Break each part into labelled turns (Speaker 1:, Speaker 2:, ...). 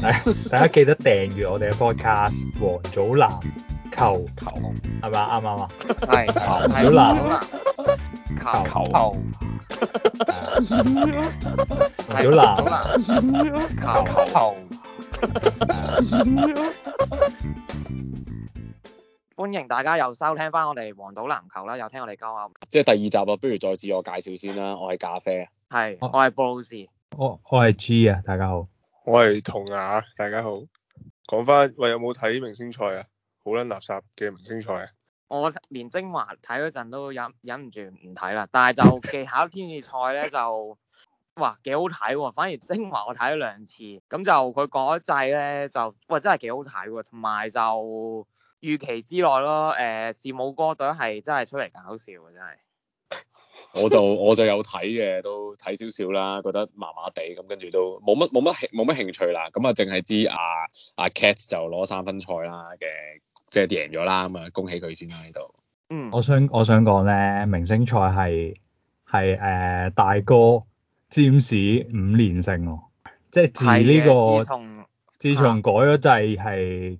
Speaker 1: 係， 大家記得訂閱我哋嘅 Podcast《黃島籃球球》，係咪啱啱啊？係，小藍，球球
Speaker 2: 小藍，
Speaker 1: 球球，
Speaker 3: 歡迎大家又收聽翻我哋《黃島籃球》啦，又聽我哋交流。
Speaker 4: 即係第二集啦，不如再自我介紹先啦。我係咖啡，係， 我係布魯士，
Speaker 1: 我我係 G 啊，大家好。
Speaker 4: 我係童雅，
Speaker 2: 大家好。講翻，喂，有冇睇明星賽？啊？好捻垃圾嘅明星賽啊！
Speaker 3: 我連精華睇嗰陣都忍忍唔住唔睇啦，但係就技巧天字賽咧就，哇，幾好睇喎！反而精華我睇咗兩次，咁就佢講嗰制咧就，哇，真係幾好睇喎！同埋就預期之內咯，誒、呃，字母哥隊係真係出嚟搞笑嘅，真係。
Speaker 4: 我就我就有睇嘅，都睇少少啦，覺得麻麻地咁，跟住都冇乜冇乜冇乜興趣啦。咁啊，淨、啊、係知阿阿 KAT 就攞三分賽啦嘅，即係贏咗啦咁啊，恭喜佢
Speaker 1: 先啦呢度。嗯我，我想我想講咧，明星賽係係誒大哥占士五連勝喎，即係自呢、這個自從改咗制，係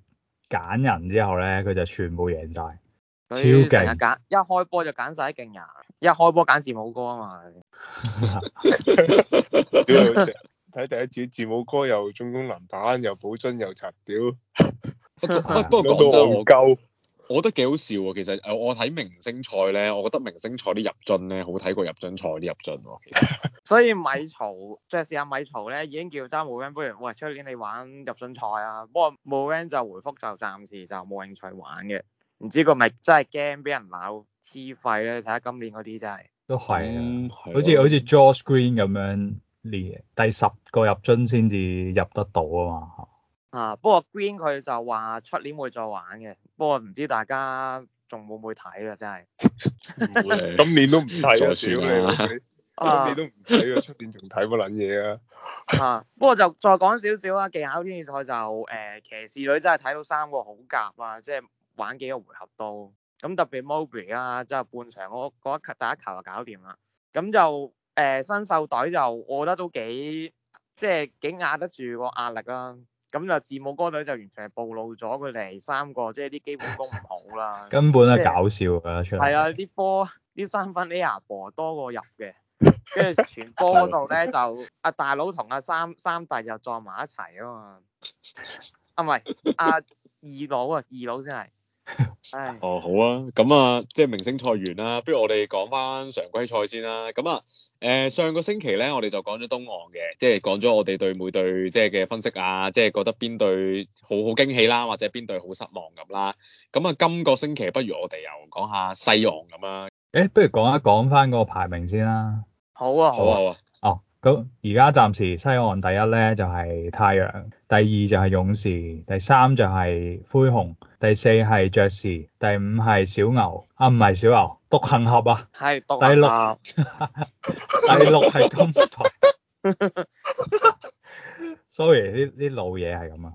Speaker 1: 揀、啊、人之後咧，佢就全部贏晒。超勁，
Speaker 3: 成日揀一開波就揀晒啲勁人，一開波揀字母哥啊嘛！
Speaker 2: 睇第一次字母哥又中攻籃板，
Speaker 4: 又保樽又拆屌
Speaker 2: 不過不過講真唔
Speaker 1: 夠，
Speaker 4: 我覺得幾好笑喎。其實誒，我睇明星賽咧，我覺得明星賽啲入樽咧好睇過入樽賽啲入樽喎、啊。
Speaker 3: 其實 所以米曹，爵士下米曹咧已經叫揸冇 end，不如喂，去年你玩入樽賽啊，不過冇 e n 就回覆就暫時就冇興趣玩嘅。唔知個咪真係驚俾人鬧黐費咧？睇下今年嗰啲真係都係，
Speaker 1: 好似好似 Jalen Green 咁樣，第十個入樽先至入得到
Speaker 3: 啊嘛啊，不過 Green 佢就話出年會再玩嘅，不過唔知大家仲會唔會睇啊？真係
Speaker 2: 今年都唔睇啊。少啦 算， 今年都唔
Speaker 3: 睇啊，出年仲睇乜撚嘢啊？啊，不過就再講少少啦，技巧天氣賽就誒、呃、騎士女真係睇到三個好夾啊，即係。玩幾個回合都，咁特別 Moby 啊，就半場我打一球就搞掂啦。咁、嗯、就誒新、呃、秀隊就，我覺得都幾即係幾壓得住個壓力啦、啊。咁、嗯、就字母哥隊就完全係暴露咗佢哋三個即係啲基本功唔好啦。根本係搞
Speaker 1: 笑㗎是出係來啊，啲
Speaker 3: 波啲三分 Airball、er、 多過入嘅，跟住全波度咧就阿、 啊、大佬同阿、啊、三三弟就撞埋一齊啊嘛。啊唔係阿二佬啊，二佬先係。
Speaker 4: 哦好啊，咁、嗯、啊、嗯嗯，即係明星賽完啦，不如我哋講翻常規賽先啦。咁啊，誒、嗯呃、上個星期咧，我哋就講咗東岸嘅，即係講咗我哋對每隊即係嘅分析啊，即係覺得邊隊好好驚喜啦，或者邊隊好失望咁啦。咁、嗯、啊，今、嗯嗯嗯嗯、個星期不如我哋又講下西岸咁啊。
Speaker 1: 誒、欸，不如講一講翻嗰個排名先啦、啊。好啊，好啊。好啊。咁而家暫時西岸第一咧就係太陽，第二就係勇士，第三就係灰熊，第四係爵士，第五係小牛啊，唔係小牛，獨行俠啊，係獨行俠，第六係金塊，sorry，呢啲老嘢係咁啊，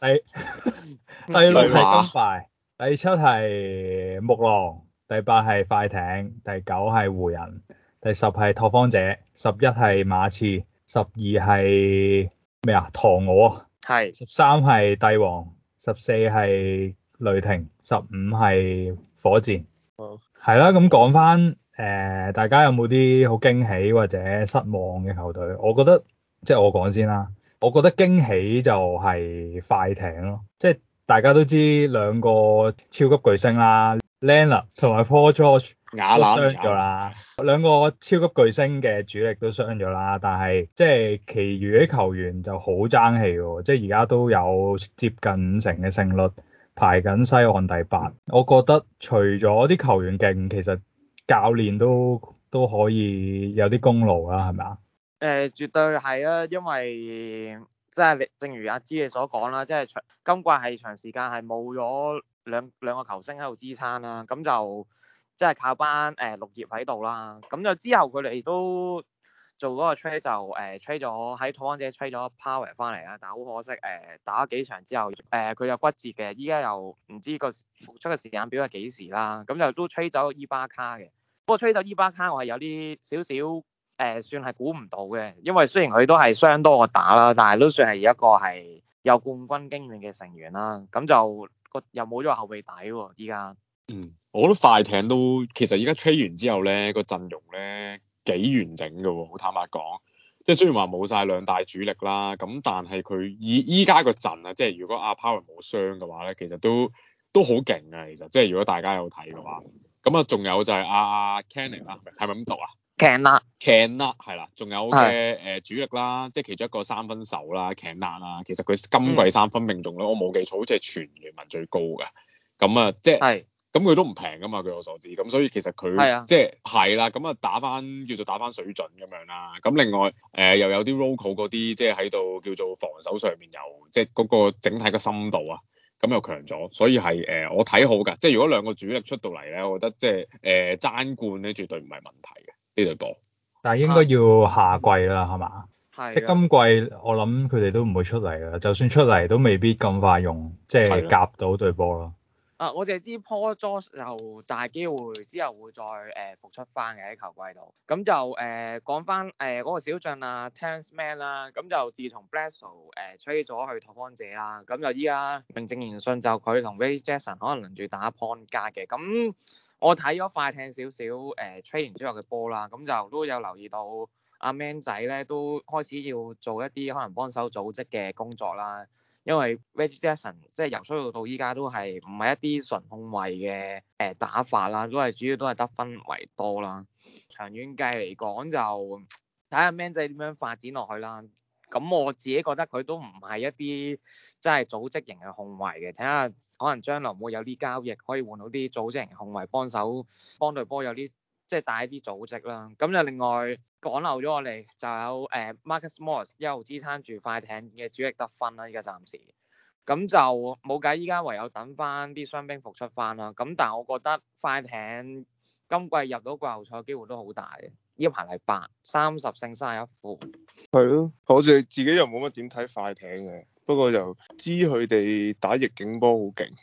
Speaker 1: 第
Speaker 2: 第六係金塊，
Speaker 1: 第七係木狼，第八係快艇，第九係湖人。第十係拓荒者，十一係馬刺，十二係咩啊？唐鵝係，是十三係帝王，十四係雷霆，十五係火箭。哦，係啦，咁講翻誒，大家有冇啲好驚喜或者失望嘅球隊？我覺得即係我講先啦，我覺得驚喜就係快艇咯，即係大家都知兩個超級巨星啦 Leonard 同埋 Paul George。都傷咗啦，然兩個超級巨星嘅主力都傷咗啦，但係即係其餘啲球員就好爭氣喎，即係而家都有接近五成嘅勝率，排緊西岸第八。我覺得除咗啲球員勁，其實教練都都可以有啲功勞啦，係咪啊？
Speaker 3: 誒，呃，絕對係啊，因為即係正如阿芝你所講啦，即係長今季係長時間係冇咗兩兩個球星喺度支撐啦，咁就。即係靠班誒綠葉喺度啦，咁、呃、就之後佢哋都做嗰個 trade 就誒 trade 咗喺土安姐 trade 咗 power 翻嚟啦，但係好可惜誒、呃、打幾場之後誒佢有骨折嘅，依家又唔知個復出嘅時間表係幾時啦，咁就都 trade 走伊巴卡嘅，不過 trade 走伊巴卡我係有啲少少誒算係估唔到嘅，因為雖然佢都係傷多過打啦，但係都算係一個係有冠軍經驗嘅成員啦，咁就個又冇咗個後備底喎，依家。
Speaker 4: 嗯，我覺得快艇都其實而家 trade 完之後咧，這個陣容咧幾完整嘅喎、哦，好坦白講，即係雖然話冇晒兩大主力啦，咁但係佢依依家個陣啊，即係如果阿、啊、Power 冇傷嘅話咧，其實都都好勁嘅，其實即係如果大家有睇嘅話，咁啊，啊，仲有就係阿 Kennard 啦，係咪咁讀啊
Speaker 3: ？Kennard，Kennard
Speaker 4: 係啦，仲有嘅誒主力啦，即係其中一個三分手啦，Kennard 啦，Can，na，其實佢今季三分命中率、嗯、我冇記錯，好似係全聯盟最高嘅，咁啊，即係。咁佢都唔平㗎嘛，據我所知。咁所以其實佢、啊、即係係啦，咁啊打返叫做打返水準咁樣啦。咁另外誒、呃、又有啲 local 嗰啲，即係喺度叫做防守上面又即係嗰個整體嘅深度啊，咁又強咗。所以係誒、呃、我睇好㗎。即係如果兩個主力出到嚟咧，我覺得即係誒爭冠咧絕對唔係問題嘅呢隊波。
Speaker 1: 但係應該要下季啦，係嘛？
Speaker 3: 係的即係今
Speaker 1: 季我諗佢哋都唔會出嚟啦。就算出嚟都未必咁快用，即係夾到隊波咯。
Speaker 3: 啊！我淨係知 Paul George 又大機會之後會再誒、呃、復出翻嘅喺球季度。咁就誒、呃、講翻誒嗰個小將啊 Terance Mann 啦、啊。咁就自從 Bledsoe 吹咗去拓荒者啦，咁、啊、就依家名正言順就佢同 Reggie Jackson 可能輪住打 point guard 嘅。咁、啊、我睇咗快艇少少誒吹完之後嘅波啦，咁、啊、就都有留意到阿、啊、Man 仔咧都開始要做一啲可能幫手組織嘅工作啦。啊因為 Vegetation 即係由初到到依家都係唔係一啲純控衞嘅誒打法啦，都係主要都係得分為多啦。長遠計嚟講就睇下 Man 仔點樣發展落去啦。咁我自己覺得佢都唔係一啲真係組織型嘅控衞嘅，睇下可能將來會有啲交易可以換到啲組織型控衞幫手幫隊波有啲。即係帶啲組織啦，咁就另外講漏咗我哋就有誒、呃、Marcus Morris 一路支撐住快艇嘅主力得分啦，依家暫時，咁就冇計，依家唯有等翻啲傷兵復出翻啦，咁但係我覺得快艇今季入到季後賽機會都好大，嘅。依排係八三十勝三十一負。
Speaker 2: 係咯，好似自己又冇乜點睇
Speaker 3: 快艇嘅，
Speaker 2: 不過就知佢哋打逆境波好勁嘅，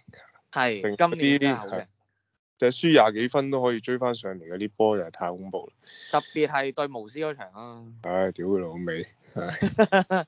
Speaker 2: 係是今年都就輸廿幾分都可以追翻上嚟，嗰啲波就係太恐怖啦！
Speaker 3: 特別係對巫師嗰場啊！
Speaker 1: 唉，屌佢老味，係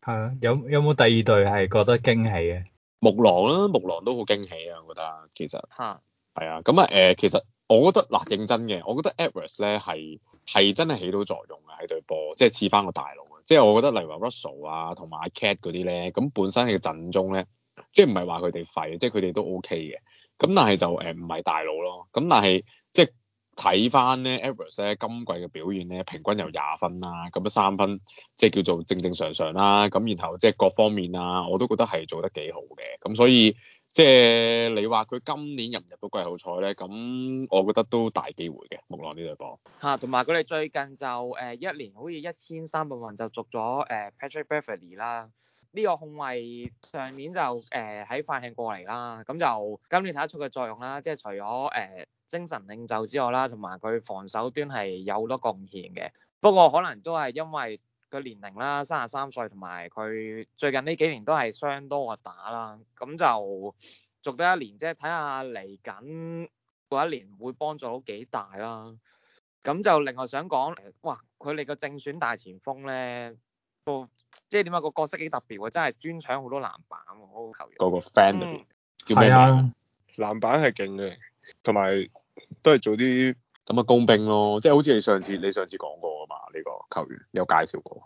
Speaker 1: 啊！有有冇第二隊係覺得驚喜嘅？木狼啦，木狼都好驚喜啊！我覺得其實吓係啊，
Speaker 4: 咁啊，誒、嗯，其實我覺得嗱、啊，認真嘅，我覺得 Edwards 咧係係真係起到作用啊。喺隊波，即係似翻個大佬啊！即係我覺得例如話 Russell 啊，同埋阿 Cat 嗰啲咧，咁本身嘅陣中咧，即係唔係話佢哋廢，即係佢哋都 O K 嘅。咁但係就誒唔係大佬咯，咁但係即係睇翻咧，Evers 咧今季嘅表現咧平均有廿分啦，咁樣三分即係叫做正正常常啦，咁然後即係各方面啊，我都覺得係做得幾好嘅，咁所以即係你話佢今年入唔入到季後賽咧，咁我覺得都大機會嘅，木狼呢隊波
Speaker 3: 嚇，同埋佢哋最近就誒、呃、一年好似一千三百萬就續咗誒、呃、Patrick Beverley 啦。呢個控衞上年就誒喺、呃、發慶過嚟啦，咁就今年睇得出嘅作用啦，即係除咗誒、呃、精神領袖之外啦，同埋佢防守端係有好多貢獻嘅。不過可能都係因為個年齡啦，三十三歲，同埋佢最近呢幾年都係傷多過打啦，咁就續多一年，即係睇下嚟緊過一年會幫助到幾大啦。咁就另外想講，哇！佢哋個正選大前鋒咧，個。即係點解個角色幾特別喎，真係專搶好多籃板
Speaker 2: 喎，嗰、那個球員。嗰個 fan 嗰、嗯、叫咩名啊？籃板係勁嘅，
Speaker 4: 同埋都係做啲咁嘅工兵咯。即係好似你上次你上次講過啊嘛，呢、這個球員有介紹過。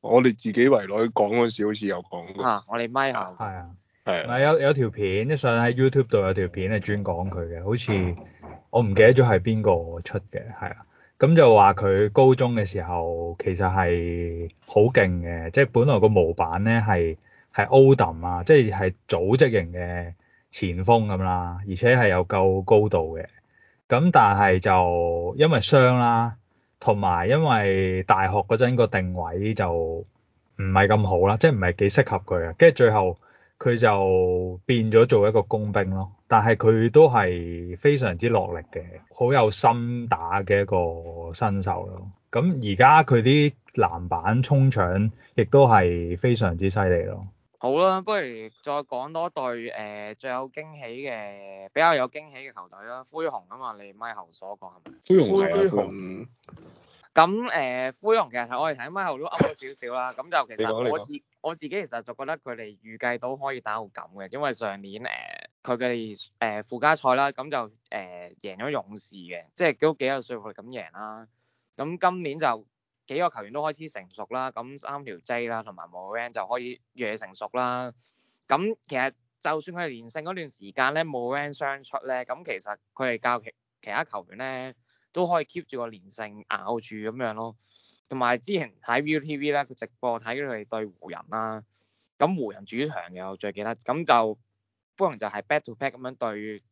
Speaker 2: 我哋自己圍內講嗰陣時，好似有講
Speaker 3: 過。啊，我哋咪下，係啊，
Speaker 1: 係、啊。咪、啊、有有條片上喺 YouTube 度有條片係專講佢嘅，好似我唔記得咗係邊個出嘅，係啊。咁就話佢高中嘅時候其實係好勁嘅，即係本來個模板咧係係 Odom 啊，即係係組織型嘅前鋒咁啦，而且係有夠高度嘅。咁但係就因為傷啦，同埋因為大學嗰陣個定位就唔係咁好啦，即係唔係幾適合佢啊。跟住最後，佢就變咗做一個工兵咯，但係佢都係非常之落力嘅，好有心打嘅一個新手咯。咁而家佢啲籃板衝搶亦都係非常之犀利咯。
Speaker 3: 好啦，不如再講多隊誒、呃、最有驚喜嘅，比較有驚喜嘅球隊啦。灰熊啊嘛，你咪喉所講係
Speaker 1: 咪？灰熊。枯雄
Speaker 3: 咁誒灰熊其實我哋睇乜後都噏咗少少啦，咁就其實我自我自己其實就覺得佢哋預計到可以打好咁嘅，因為上年誒佢哋誒附加賽啦，咁就誒、呃、贏咗勇士嘅，即係都幾有說服力咁贏啦。咁今年就幾個球員都開始成熟啦，咁三條 J 啦同埋 Moran 就可以越成熟啦。咁其實就算佢哋連勝嗰段時間咧 Moran 傷出咧，咁其實佢哋教其其他球員咧。都可以 keep 住個連勝咬住咁樣咯，同埋之前睇 ViuTV 咧，佢直播睇佢哋對湖人啦，咁湖人主場嘅我最記得，咁就湖人就係 back to back 咁樣對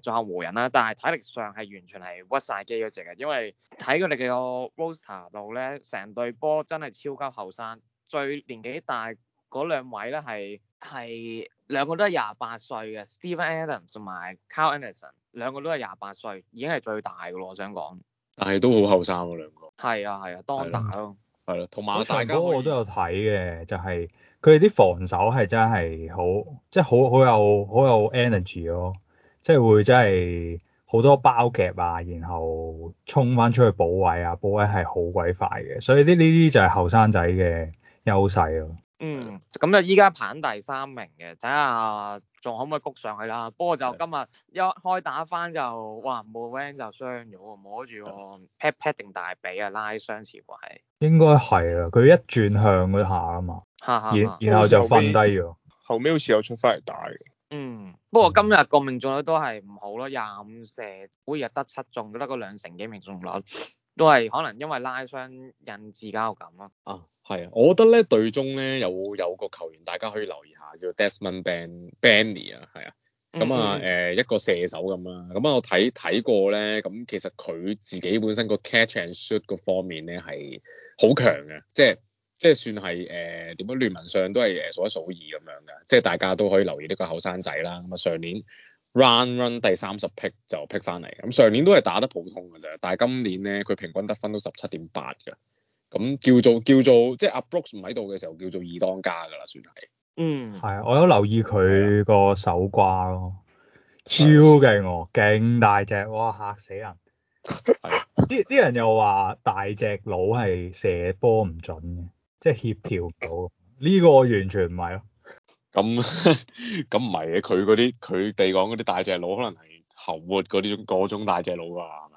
Speaker 3: 誒仲、呃、後湖人啦，但係體力上係完全係屈晒機嗰隻嘅，因為睇佢哋嘅個 roster 度咧，成隊波真係超級後生，最年紀大嗰兩位咧係係。兩個都係廿八歲嘅 Steven Adams 同埋 Kyle Anderson 兩個都係廿八歲，已經係最大嘅咯。我想講，
Speaker 1: 但係都好後生啊兩
Speaker 3: 個。係啊係啊，當打咯、啊。係咯、
Speaker 1: 啊，同埋我嗰個我都有睇嘅，就係佢哋啲防守係真係好，即係好好有好有 energy 咯、哦，即係會真係好多包夾啊，然後衝翻出去補位啊，補位係好鬼快嘅，所以呢呢啲就係後生仔嘅優勢咯、啊。
Speaker 3: 嗯，咁就依家排第三名嘅，睇下仲可唔可以谷上去啦。不過就今日一開打翻就，哇 Morant 就傷咗，摸住，Pat Pat 定大髀啊，拉傷似鬼。
Speaker 1: 應該係啦，佢一轉向嗰下啊嘛，然 然後就瞓低咗。後尾好
Speaker 2: 似有出翻嚟打嘅。嗯，
Speaker 3: 不過今日個命中率都係唔好咯，廿五射，每日得七中，都得個兩成幾命中率，都係可能因為拉傷引致交感咁咯。啊。
Speaker 4: 係啊，我覺得咧隊中咧有有個球員大家可以留意下，叫 Desmond Bane Bane 啊，係、嗯、啊，咁啊誒一個射手咁啦，咁、嗯、啊我睇睇過咧，咁、嗯、其實佢自己本身個 catch and shoot 嗰方面咧係好強嘅，即係即係算係誒點樣聯盟上都係誒數一數二咁樣嘅，即係大家都可以留意呢個後生仔啦。咁啊上年 run run 第三十 pick 就 pick 翻嚟，咁上年都係打得普通㗎啫，但係今年咧佢平均得分都十七點八㗎。咁叫做叫做，即係、啊、阿 Brooks 唔喺度嘅時候，叫做二當家噶啦，算係。嗯。
Speaker 1: 係啊，我有留意佢個手瓜咯，超勁哦，勁的大隻，哇吓死人！係的。啲啲 人又話大隻佬係射波唔準嘅，即係協調唔到。呢 個完全唔係咯。
Speaker 4: 咁咁唔係嘅，佢嗰啲佢哋講嗰啲大隻佬，可能係後活嗰啲種嗰種大隻佬噶。是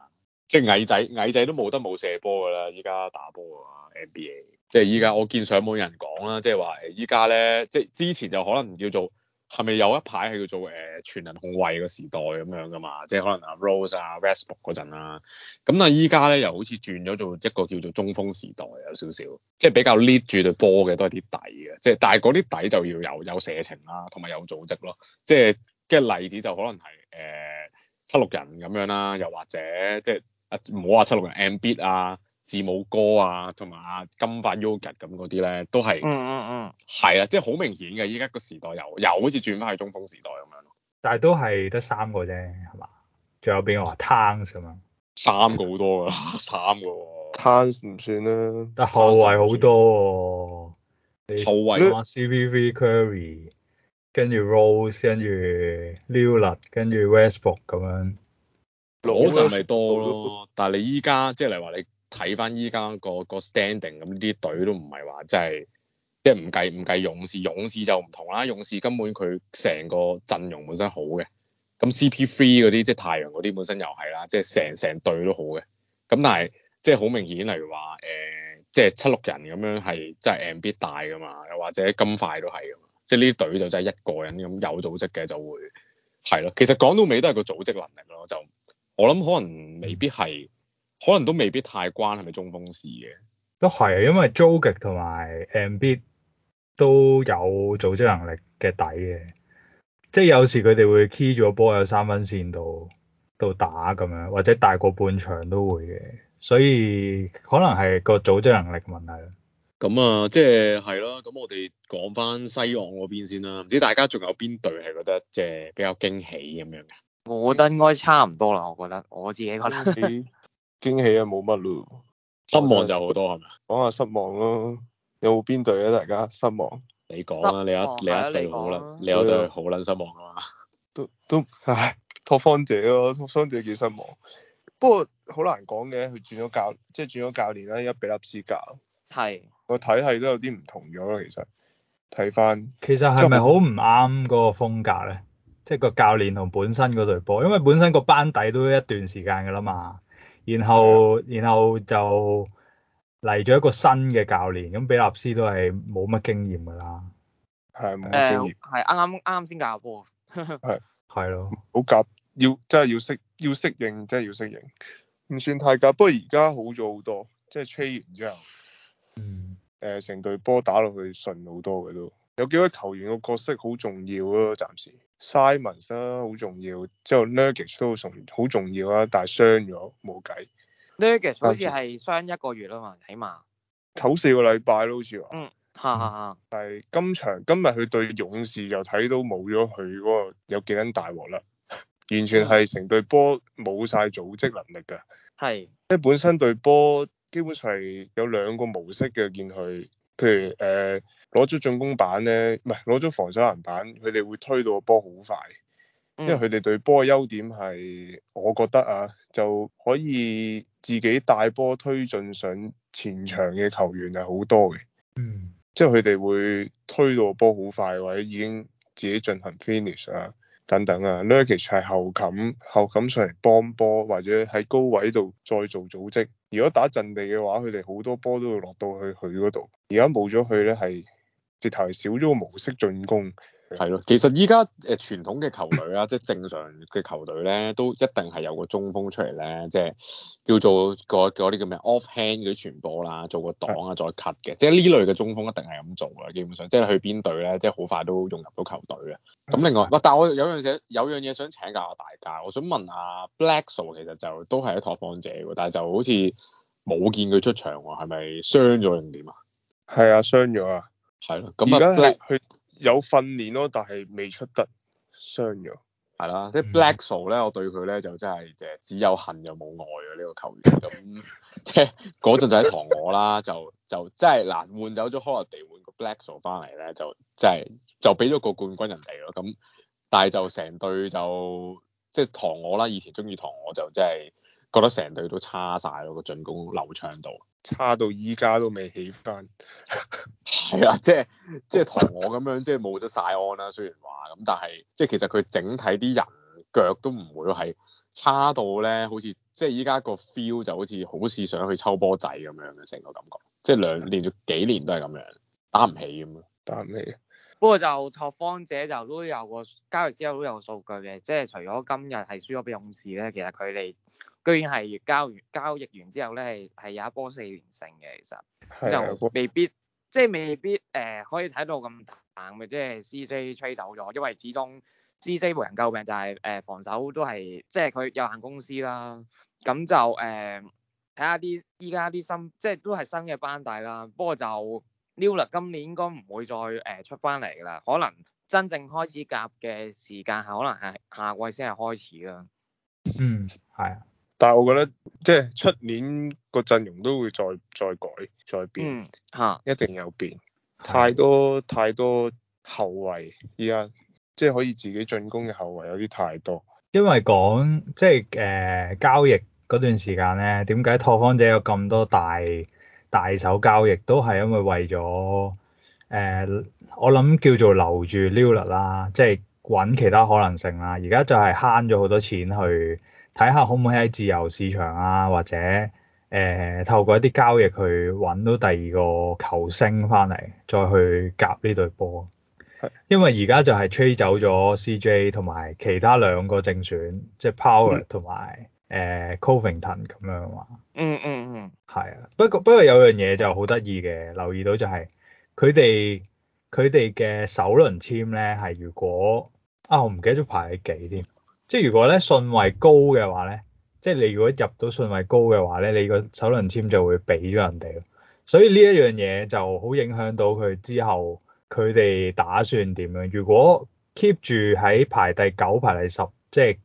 Speaker 4: 即係矮仔，矮仔都冇得冇射波噶啦！依家打波啊，NBA。即係依家我見上網人講啦，即係話依家咧，即係之前就可能叫做係咪有一排係叫做誒、呃、全能控衛個時代咁樣噶嘛？即係可能阿 Rose 啊 Westbrook 嗰陣啦。咁、啊、但係依家咧又好似轉咗做一個叫做中鋒時代有少少，即係比較 lift 住對波嘅多啲底嘅，即係但係嗰啲底就要有有射程啦，同埋有，有組織咯。即係嘅例子就可能係誒、呃、七六人咁樣啦，又或者即係。76，啊，唔好話七六人 Embiid 啊，字母哥啊，同埋阿金髮 Jokic 咁嗰啲咧，都係、嗯，嗯嗯嗯，係啦，即係好明顯嘅，依家個時代又又好似轉翻去中鋒時代咁樣。
Speaker 1: 但係都係得三個啫，係嘛？仲有邊個， 個啊？Towns 咁啊？三個好多噶啦，三個噶。Towns 唔算啦。但後衛好多。
Speaker 2: 後衛嘛
Speaker 1: ，CvV Curry，跟住 Rose，跟住 Lillard，跟住 Westbrook、ok、咁樣。攞就咪多
Speaker 4: 咯，但係你依家即係嚟話你睇翻依家個個 standing 咁，呢啲隊都唔係話即係即係唔計唔計勇士，勇士就唔同啦。勇士根本佢成個陣容本身好嘅，咁 C.P. Three 嗰啲即係太陽嗰啲本身又係啦，即係成成隊都好嘅。咁但係即係好明顯，例如話誒，即係七六人咁樣係即係 M.B. 大噶嘛，又或者金塊都係噶嘛，即係呢啲隊就真係一個人咁有組織嘅就會係咯。其實講到尾都係個組織能力咯，就。我諗可能未必係，可能都未必太關係咪中鋒事嘅。
Speaker 1: 都係，因為 Jokic 同埋 Embiid 都有組織能力嘅底嘅，即係有時佢哋會 key 咗波有三分線度度打咁樣，或者大過半場都會嘅，所以可能係個組織能力問題咯。
Speaker 4: 咁啊，即係係咯，咁我哋講翻西岸嗰邊先啦，唔知大家仲有邊隊係覺得即係比較驚喜咁樣嘅？我覺得應該差唔多啦，我覺得我自己覺得。驚喜啊，冇乜咯，失望就好多，係咪啊？
Speaker 2: 講下失望咯，有冇邊隊咧？大家失望？
Speaker 4: 你講啦，你一你一隊好卵，你一隊好卵失望噶嘛？
Speaker 2: 都都唉，拓荒者咯，拓荒者幾失望。不過好難講嘅，佢轉咗教，即係轉咗教練啦，一比納斯教。係。個體系都有啲唔同咗咯，其實。
Speaker 1: 睇翻。其實係咪好唔啱嗰個風格咧？即係個教練同本身嗰隊波，因為本身個班底都一段時間㗎啦嘛，然後、嗯、然後就嚟咗一個新嘅教練，咁比納斯都係冇乜經驗㗎啦，係冇乜經驗，
Speaker 3: 係啱啱啱先教波，
Speaker 1: 係係咯，好夾 是的，要真係要適要
Speaker 2: 適應，真係要適應，唔算太夾，不過而家好咗好多，即係吹完之後，嗯，成隊波打落去順好多嘅都。有幾個球員個角色好重要啊。暫時、Simon、s i m o n 啦，好重要，之後 Nugent 都好重好重要啊，但係傷咗
Speaker 3: 冇計。Nugent 好似係傷一個月啦嘛，起碼
Speaker 2: 唞四個禮拜咯，好似。嗯，吓吓吓。但係今場今日佢對勇士又睇到冇咗佢嗰個有幾奀大鑊啦， 完全係成隊波冇晒組織能力㗎。係是，即係本身隊波基本上係有兩個模式嘅，見佢。譬如誒攞咗進攻板咧，唔係攞咗防守籃板，佢哋會推到個波好快，因為佢哋對波嘅優點係，我覺得啊，就可以自己帶波推進上前場嘅球員係好多嘅，嗯，即係佢哋會推到個波好快，或者已經自己進行 finish 啊等等啊，lurage 係後冚，後冚上嚟幫波，或者喺高位度再做組織。如果打陣地嘅話，佢哋好多波都會落到去佢嗰度。而家冇咗佢咧，係直頭係少咗個模式進攻。
Speaker 4: 係咯，其實依家誒傳統嘅球隊啦， 即係正常嘅球隊咧，都一定係有個中鋒出嚟咧，即係叫做嗰啲叫咩 off hand 嗰啲傳波啦，做個擋啊，再 cut 嘅，即係呢類嘅中鋒一定係咁做啦，基本上即係去邊隊咧，即係好快都融入到球隊啊。咁另外，哇，但係我有樣嘢，有樣嘢想請教下大家，我想問下 Bledsoe，其實就都係一拓荒者，但係就好似冇見佢出場，係咪傷咗定點啊？係啊，傷咗啊。係咯，咁啊，佢。有訓練咯，但係未出得，傷咗。係啦，即係 Blackshaw 咧，我對佢咧就真係誒只有恨又冇愛啊！呢個球員咁，即係嗰陣就喺唐我啦，就就真係嗱換走咗 Holiday，換個 Blackshaw 翻嚟咧就真係就俾咗個冠軍人嚟咯咁，但係就成隊就即係唐我啦，以前中意唐我就真係。覺得成隊都差晒，咯，個進攻流暢度差到依家都未起翻，係 啊，即係即係同我咁樣即係冇得晒安啦、啊。雖然話咁，但係即係其實佢整體啲人腳都唔會係差到咧，好似即係、就、依、是、家個 feel 就好似好似想去抽波仔咁樣嘅成個感覺，即、就、係、是、兩連續幾年都係咁樣打唔起咁樣，打唔起，起。
Speaker 3: 不過就拓荒者就都有個交易之後都有個數據嘅，即係除咗今日係輸咗俾勇士咧，其實佢哋居然係交完交易完之後咧係係有一波四連勝嘅，其實就未必即係未必誒可以睇到咁淡嘅，即係 CJ 吹走咗，因為始終 CJ 無人救命就係誒防守都係即係佢有限公司啦，咁就誒睇下啲依家啲新即係都係新嘅班底啦，不過就。今年應該唔會再誒出翻嚟㗎啦。可能真正開始夾嘅時間係可能係下季先係開始啦。嗯，
Speaker 2: 係啊。但係我覺得即係出年個陣容都會再再改再變，嚇、嗯，一定有變。太多的太多後衞，而家即係可以自己進攻嘅後衞有啲太多。
Speaker 1: 因為講即係誒交易嗰段時間咧，點解拓荒者有咁多大大手交易都係因為為咗誒、呃，我諗叫做留住 Lillard 啦，即係揾其他可能性啦。而家就係慳咗好多錢去睇下，可唔可以喺自由市場啊，或者誒、呃、透過一啲交易去揾到第二個球星翻嚟，再去夾呢隊波。因為而家就係 trade 走咗 CJ 同埋其他兩個正選，即係 Powell 同埋。誒、uh，Covington 咁樣話，嗯嗯嗯，係啊，不過不過有樣嘢就好得意嘅，留意到就係佢哋佢哋嘅首輪簽咧，係如果啊、哦，我唔記得咗排喺幾添，即係如果咧順位高嘅話咧，即係你如果入到順位高嘅話咧，你個首輪簽就會俾咗人哋，所以呢一樣嘢就好影響到佢之後佢哋打算點樣。如果 keep 住喺排第九排第十，即係。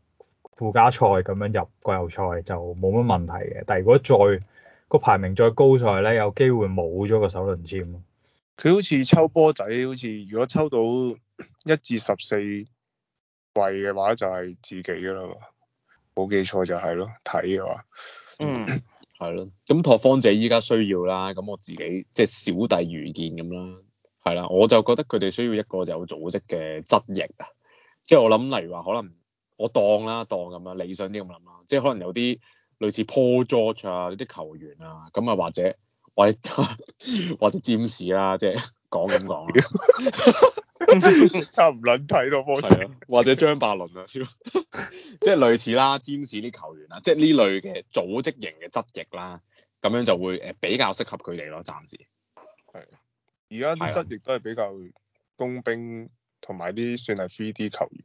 Speaker 1: 附加賽咁樣入季後賽就冇乜問題嘅，但係如果再個排名再高出嚟咧，有機會冇咗個首輪籤咯。
Speaker 2: 佢好似抽波仔，好似如果抽到一至十四位嘅話，就係、是、自己噶啦，冇記錯就
Speaker 4: 係咯。睇嘅話，
Speaker 3: 嗯，
Speaker 4: 係咯。咁拓荒者依家需要啦，咁我自己即係、就是、小弟愚見咁啦，係啦，我就覺得佢哋需要一個有組織嘅質疑啊，即、就、係、是、我諗嚟話可能。我當啦，當咁樣理想啲咁諗啦，即係可能有啲類似 Paul George 啊呢啲球員啊，咁啊或者或者占士啦，即係講咁講啦，唔捻睇到波 a 或者張伯倫啊，即係、啊、類似啦，占士啲球員啊，即係呢類嘅組織型嘅側翼啦，咁樣就會誒比較適合佢哋咯，暫時係，而家啲側翼都係比較工兵同埋啲算係 three D 球員。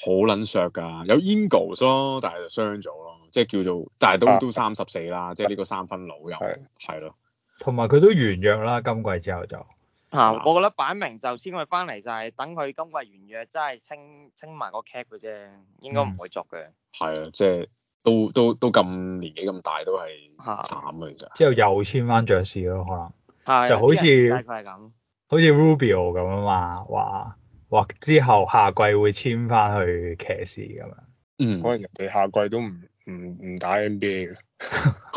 Speaker 4: 好撚削噶，有 Ingles 咯，但係就傷咗咯，即係叫做，但係都都三十四啦，啊、即係呢個三分佬又係咯。
Speaker 1: 同埋佢都完約啦，今季之後就啊，
Speaker 3: 我覺得擺明就簽佢翻嚟就係等佢今季完約，真係清清埋個 cap 嘅啫，應該唔會作嘅。係
Speaker 1: 啊、嗯，即係
Speaker 4: 都都都咁年紀咁大都係慘嘅。的其實。
Speaker 1: 之後又簽翻爵士咯，可能
Speaker 3: 的就好似大概
Speaker 1: 好似 Rubio 咁啊嘛，哇。或之後下季會簽翻去騎士㗎嘛，嗯、可能人哋下季都唔唔唔打 NBA 嘅。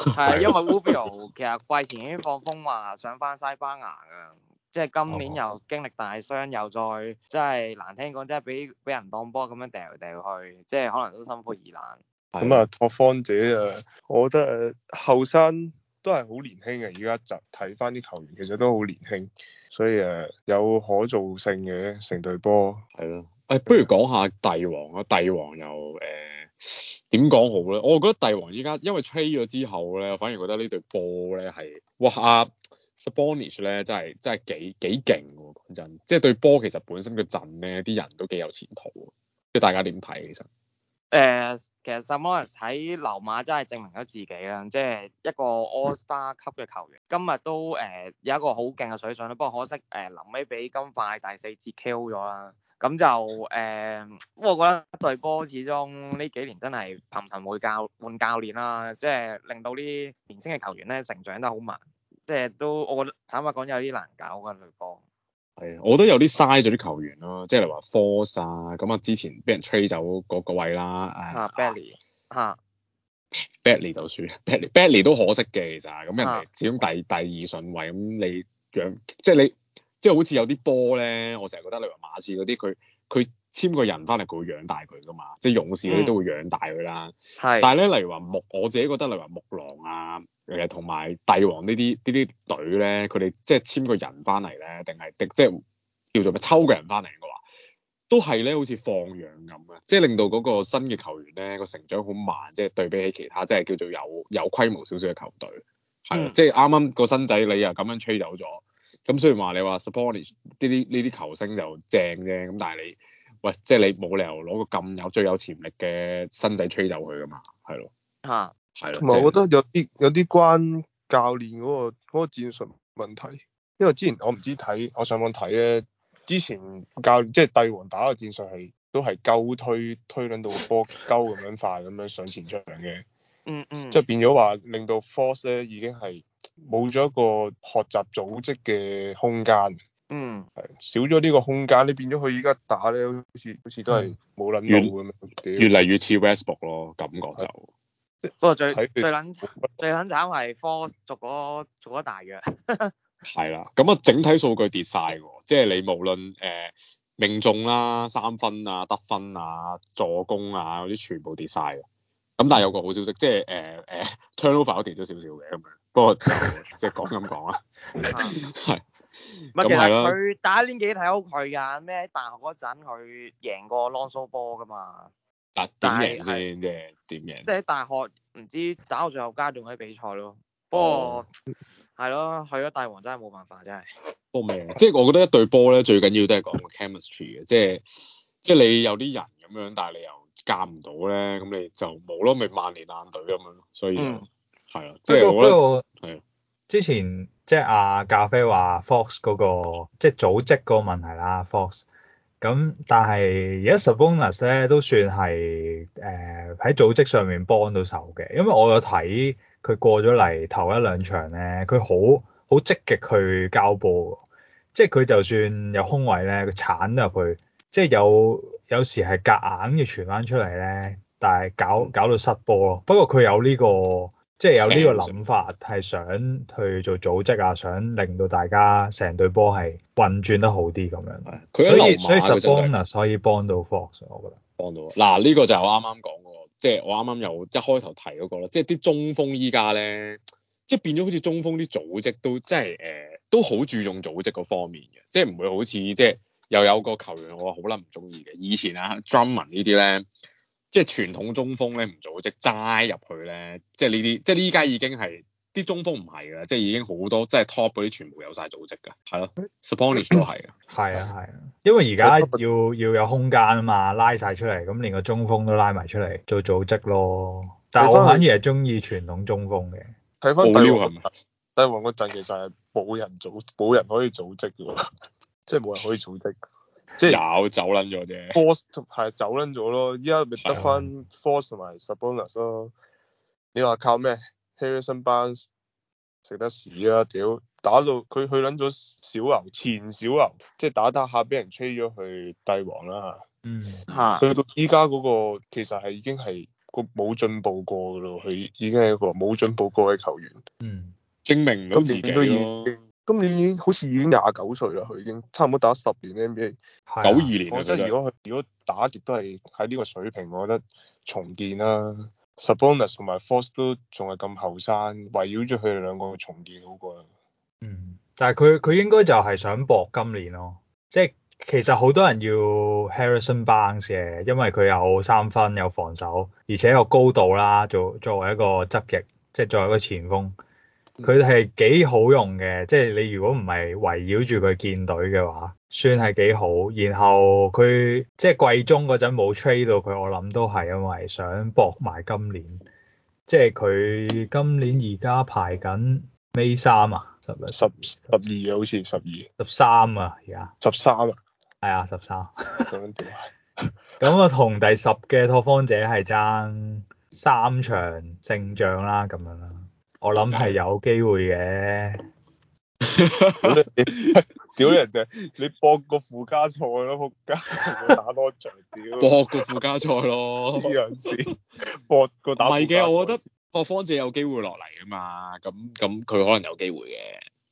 Speaker 3: 係因為 Rubio 其實季前已經放風話想翻西班牙啊。即、就、係、是、今年又經歷大傷，哦、又再即係難聽講，即係俾俾人當波咁樣掉掉去，即、就、係、是、可能都辛苦而難
Speaker 2: 是的。咁啊，拓荒者啊，我覺得後生
Speaker 3: 都係好年輕嘅，而家就睇翻
Speaker 2: 啲球員其實都好年輕。所以誒有可造性嘅成隊波，
Speaker 4: 係咯，誒、哎、不如講下帝王，啊！帝王又誒點講好咧？我覺得帝王依家因為 trade 咗之後咧，我反而覺得隊呢隊波咧係哇阿、啊、Sabonis 咧真係真係幾幾勁喎！講真，即係對波其實本身個陣咧，啲人都幾有前途，即係大家點睇其實？
Speaker 3: 誒、呃，其實 Sabonis 喺流馬真係證明咗自己啦，即、就、係、是、一個 All Star 級嘅球員。今日都誒有一個好勁嘅水準啦，不過可惜誒臨尾俾金塊第四節 KO 咗啦。咁就誒，不、呃、過我覺得隊波始終呢幾年真係頻頻會教換教練啦，即、就、係、是、令到啲年輕嘅球員咧成長得好慢，即、就、係、是、都我覺得坦白講有啲難搞嘅隊波。係
Speaker 4: 啊，我都有啲嘥咗啲球員咯、啊，即係例如話 force 啊，咁啊之前俾人吹走嗰個位啦。啊
Speaker 3: ，Belly，吓
Speaker 4: ，Belly 就算 Belly，Belly 都可惜嘅其實，咁人哋始終第第二順位，咁你養，即係你，即係好似有啲波咧，我成日覺得例如話馬刺嗰啲，佢佢。簽個人翻嚟佢會養大佢噶嘛，即係勇士嗰都會養大佢啦。係、嗯，但係咧，例如話木我自己覺得，例如話木狼啊，誒同埋帝王隊呢啲呢啲隊咧，佢哋即係簽個人翻嚟咧，定係即係叫做咩抽個人翻嚟我話都係咧，好似放養咁嘅，即係令到嗰個新嘅球員咧個成長好慢，即係對比起其他即係叫做有有規模少少嘅球隊係、嗯、即係啱啱個新仔你又咁樣吹走咗咁，雖然話你話 Sabonis 呢啲呢啲球星就正啫，咁但係你。喂，即係你冇理由攞個咁有最有潛力嘅新仔吹走佢噶嘛，係咯？嚇、啊，係咯的。同埋我覺
Speaker 2: 得有啲有啲關
Speaker 4: 教練嗰個嗰個戰術
Speaker 2: 問題，因為之前、嗯、我唔知睇，我上網睇咧，之前教即係帝王打嘅戰術係都係鳩推推撚到波溝咁樣快咁樣上前場嘅、嗯，嗯嗯，即係變咗話令到 Fox 咧已經係冇咗一個學習組織嘅空間。嗯，係少咗呢個空間，你變咗佢依家打
Speaker 3: 咧，好似好似都係冇撚料咁
Speaker 4: 樣。越嚟越似 Westbrook 咯，感覺就。
Speaker 3: 不過最你最撚最撚慘係科 o 做咗做咗大約。係 啦，
Speaker 4: 咁啊，整體數據跌晒喎，即係你無論誒命中啦、三分啊、得分啊、助攻啊嗰啲全部跌晒。嘅。咁但係有個好消息，即係誒誒 turnover 都跌咗少少嘅咁樣，不過即係 講咁講啦，係。 唔係，其實佢
Speaker 3: 打一年幾睇好佢噶，咩喺大學嗰陣佢贏過朗蘇波噶嘛？
Speaker 4: 但點是贏先啫？點贏？即係
Speaker 3: 喺大學唔知打到最後階段嗰啲比賽咯。不過係咯，去咗大王真係冇辦法，真係。
Speaker 4: 搏命、哦。即係我覺得一對波咧，最緊要都係講 chemistry 嘅， 即係即係你有啲人咁樣，但係你又夾唔到咧，咁你就冇咯，咪、就是、萬年爛隊咁樣。所以
Speaker 1: 係啊，即係我覺得係。之前即係、啊、阿咖啡話 Fox 嗰、嗰個即係組織嗰個問題啦，Fox。咁 FO，但係而家 Sabonis 咧都算係誒喺組織上面幫到手嘅，因為我有睇佢過咗嚟頭一兩場咧，佢好好積極去交波，即係佢就算有空位咧，佢鏟入去，即係有有時係夾硬要傳翻出嚟咧，但係搞搞到失波咯。不過佢有呢、呢個。即係有呢個諗法，係想去做組織啊，想令到大家成隊波係運轉得好啲咁樣。佢喺流馬嗰個 bonus 可以幫到 Fox，我覺得幫到。嗱，呢
Speaker 4: 個就係我啱啱講嗰個，即係我啱啱又一開頭提嗰個咯。即係啲中鋒依家咧，即係變咗好似中鋒啲組織都即係誒，都好注重組織嗰方面嘅，即係唔會好似即係又有個球員我好撚唔中意嘅。以前啊 Drummond 呢啲咧。即係傳統中鋒咧唔組織齋入去咧，即係呢啲，即係依家已經係啲中鋒唔係啦，即係已經好多即係 top 嗰啲全部有晒組織㗎，係咯 Sabonis 都係啊，係啊係
Speaker 1: 啊，因為而家要要有空間啊嘛，拉晒出嚟，咁連個中鋒都拉埋出嚟做組織咯。但係我反而係中意傳統中鋒嘅。睇翻帝王，
Speaker 2: 帝王陣其實係冇人組，冇人可以組織㗎，即係冇人可以組織。即係有走撚咗啫，force 係走撚咗咯，依家咪得翻 force 同埋的 subbonus 咯。你話靠咩？Harrison Barnes 食得屎啊！屌，打到佢去撚咗小牛前小牛，即係打打下俾人 trade 咗去帝王啦。嗯，
Speaker 4: 嚇。去
Speaker 2: 到依家嗰個其實係已經係個冇進步過噶咯，佢已經係一個冇進步過嘅球員。嗯，證明唔到自己咯。今年已經好似已經廿九歲啦，佢已經差唔多打十年 NBA，九二年我覺得如果佢如果打極都係喺呢個水平，我覺得重建啦、啊。Sabonis 同埋 Fox 都仲係咁後生，圍繞住佢哋兩個重建好過。嗯，
Speaker 1: 但係佢佢應該就係想搏今年咯。即係其實好多人要 Harrison Barnes 嘅，因為佢有三分、有防守，而且有高度啦，做作為一個側翼，即係作為一個前鋒。佢係幾好用嘅，即係你如果唔係圍繞住佢建隊嘅話，算係幾好。然後佢即係季中嗰陣冇 trade 到佢，我諗都係，因為想博埋今年。即係佢今年而家排緊尾三啊，十十二好似十二十三啊，而家十三啊，係啊十三咁點啊？咁同 第十嘅拓荒者係爭三場勝仗啦，咁樣啦。我諗係有機會嘅，屌人哋，你搏個附加賽咯，附加賽
Speaker 4: 打多場，屌， 搏個附加賽咯，呢樣事，搏個打唔係嘅，我覺得博方姐有機會落嚟啊嘛，咁咁佢可能有機會嘅。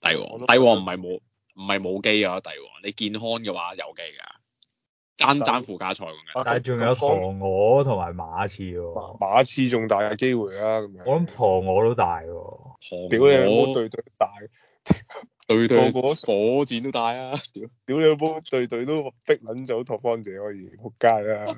Speaker 4: 帝王， 帝王唔係冇唔係冇機啊。帝王，你健康嘅話有機㗎。爭爭附加賽咁
Speaker 1: 嘅，但係仲有塘鵝同埋馬刺，馬刺仲大嘅機會啊！咁我諗塘鵝都大，唐屌你唔好對對大，
Speaker 4: 對對火
Speaker 2: 火箭都大啊！屌你唔好對對都逼捻咗，拓荒者可以撲街啊！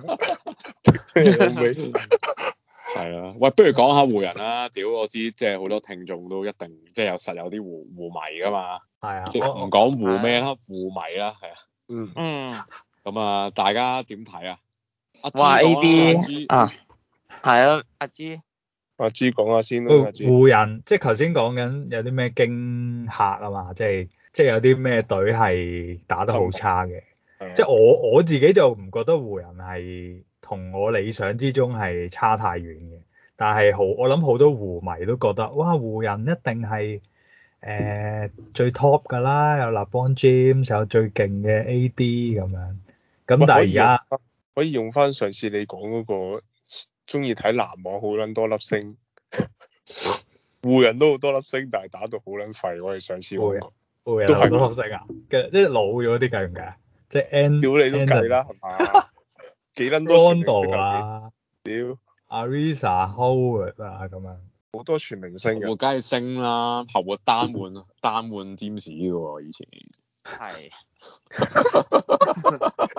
Speaker 4: 係啊，喂，不如講下湖人啦，屌我知，即係好多聽眾都一定即係有實有啲湖湖迷噶嘛，係
Speaker 3: 啊，即係唔講湖咩啦，
Speaker 4: 湖迷啦，係啊，嗯嗯。咁 G 啊，大
Speaker 1: 家點睇啊？
Speaker 3: 阿 G 講
Speaker 1: 啦，啊，係啊，阿 G，阿 G 講下先啦，湖人、啊、G 即係頭先講緊有啲咩驚嚇啊嘛，即係即係有啲咩隊係打得好差嘅，嗯嗯、即係我我自己就唔覺得湖人係同我理想之中係差太遠嘅，但係好我諗好多湖迷都覺得哇湖人一定係誒、呃、最 top 㗎啦，有立邦 James 有最勁嘅 AD 咁樣。咁但係，
Speaker 2: 而家可以用翻上次你講嗰、嗰個，中意睇籃網好撚多粒星，湖 人都好多粒星，但係打到好撚廢。我哋上次話，
Speaker 1: 湖人好多粒星啊，嘅即係老咗啲計唔計啊？即係 N，屌你都計啦，係嘛？幾撚多 g o 屌阿 Ariza Howard 啊咁樣，好多全明星嘅。我
Speaker 4: 梗係升啦，後換單換，單換占士嘅、啊、喎，以前。係，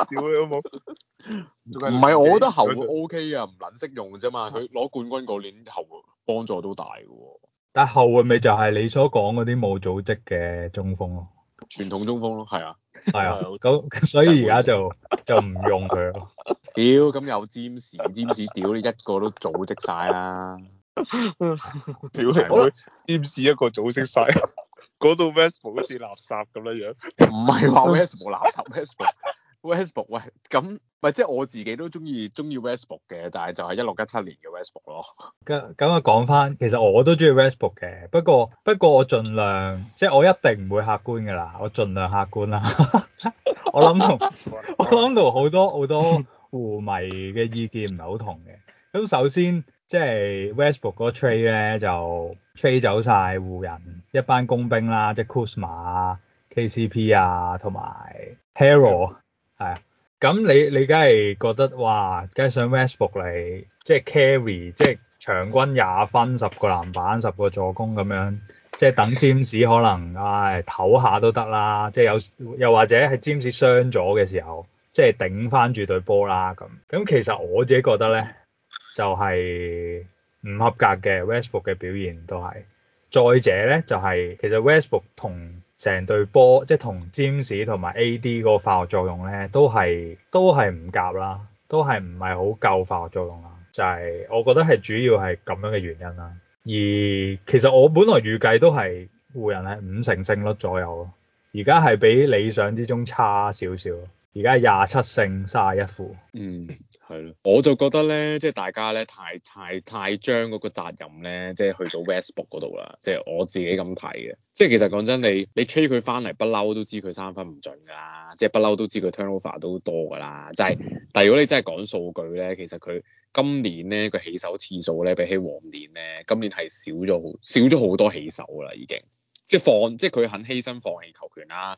Speaker 4: 屌你老母！唔 係，我覺得後會 O K 噶，唔撚識用啫嘛。佢攞的冠軍嗰年後會
Speaker 1: 幫助都大噶喎。但後會咪就係你所講嗰啲冇組織嘅中鋒咯、啊，傳統中鋒咯，係啊，係啊。咁所以而家就就唔用
Speaker 4: 佢咯。屌，咁有占士，占士屌你一個都組織晒啦！
Speaker 2: 屌你，我
Speaker 4: 占士一個組織晒。 嗰度 Westbrook 好似垃圾咁樣樣，
Speaker 1: 唔係話 Westbrook 垃
Speaker 4: 圾 Westbrook，Westbrook 喂咁，咪即係我自己都中意中意 Westbrook 嘅，但係就係一六一七年嘅 Westbrook 咯。
Speaker 1: 咁咁又講翻，其實我都中意 Westbrook 嘅，不過不過我儘量即係、就是、我一定唔會客觀㗎啦，我儘量客觀啦。 我諗同到 我諗同好多好多湖迷嘅意見唔係好同嘅。咁首先。即係 Westbrook 嗰個 trade 咧，就 trade 走晒湖人一班工兵啦，即係 Kuzma、KCP 啊，同埋 Harrell，係啊。咁你你梗係覺得哇，加上 Westbrook 嚟，即係 carry，即係場均廿分、十個籃板、十個助攻咁樣，即係等 James 可能唉唞下都得啦。即係有，又或者係 James 傷咗嘅時候，即係頂翻住對波啦咁。咁其實我自己覺得咧。就係唔合格嘅 Westbrook 嘅表現都係，再者咧就係、是、其實 Westbrook 同成隊波即係同 James 同埋 AD 個化學作用咧都係都係唔夾啦，都係唔係好夠化學作用啦，就係、是、我覺得係主要係咁樣嘅原因啦。而其實我本來預計都係湖人係五成勝率左右囉，而家係比理想之中差少少。而家廿七勝三十一負，
Speaker 4: 嗯，係咯，我就覺得咧，即係大家咧，太太太將嗰個責任咧，即係去到 Westbrook 嗰度啦，即係我自己咁睇嘅。即係其實講真，你你吹佢翻嚟，不嬲都知佢三分唔準噶啦，即係不嬲都知佢 Turnover 都多噶啦。就係，但係如果你真係講數據咧，其實佢今年咧個起手次數咧，比起往年咧，今年係少咗好少咗好多起手噶啦，已經，即係放，即係佢肯犧牲放棄球權啦。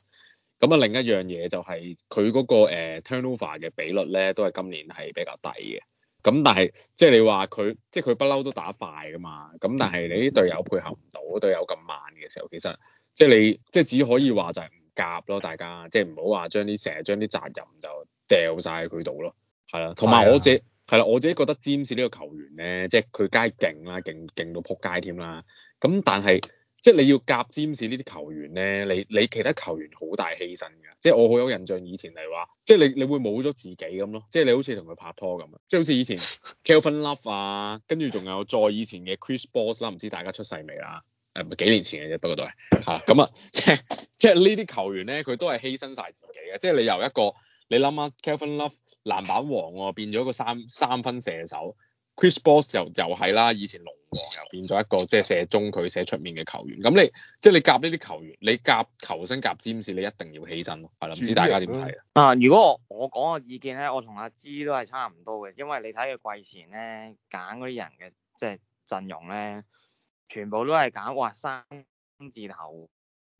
Speaker 4: 咁啊，另一樣嘢就係佢嗰個 turnover 嘅比率咧，都係今年係比較低嘅。咁但係即係你話佢，即係佢不嬲都打快噶嘛。咁但係你啲隊友配合唔到，隊友咁慢嘅時候，其實即係你即係只可以話就係唔夾咯，大家即係唔好話將啲成日將啲責任就掉晒喺佢度咯。係啦，同埋我自己係啦的，我自己覺得占士呢個球員咧，即係佢梗係勁啦，勁勁到撲街添啦。咁但係。即係你要夾占士呢啲球員咧，你你其他球員好大犧牲嘅。即係我好有印象以前係話，即係你你會冇咗自己咁咯。即係你好似同佢拍拖咁啊。即係好似以前 Kevin Love 啊，跟住仲有再以前嘅 Chris Bosh、啊、啦，唔知大家出世未啦？誒唔係幾年前嘅啫，不過都係嚇咁啊。即係即係呢啲球員咧，佢都係犧牲晒自己嘅。即係你由一個你諗下 Kevin Love 籃板王、啊、變咗個三三分射手。Chris Bosh 又又係啦，以前龍王又變咗一個即係射中佢射出面嘅球員。咁你即係你夾呢啲球員，你夾球星夾占士，你一定要起身咯，係啦。唔知大家點睇啊？
Speaker 3: 啊，如果我我講嘅意見咧，我同阿芝都係差唔多嘅，因為你睇佢季前咧揀嗰啲人嘅即係陣容咧，全部都係揀哇三字頭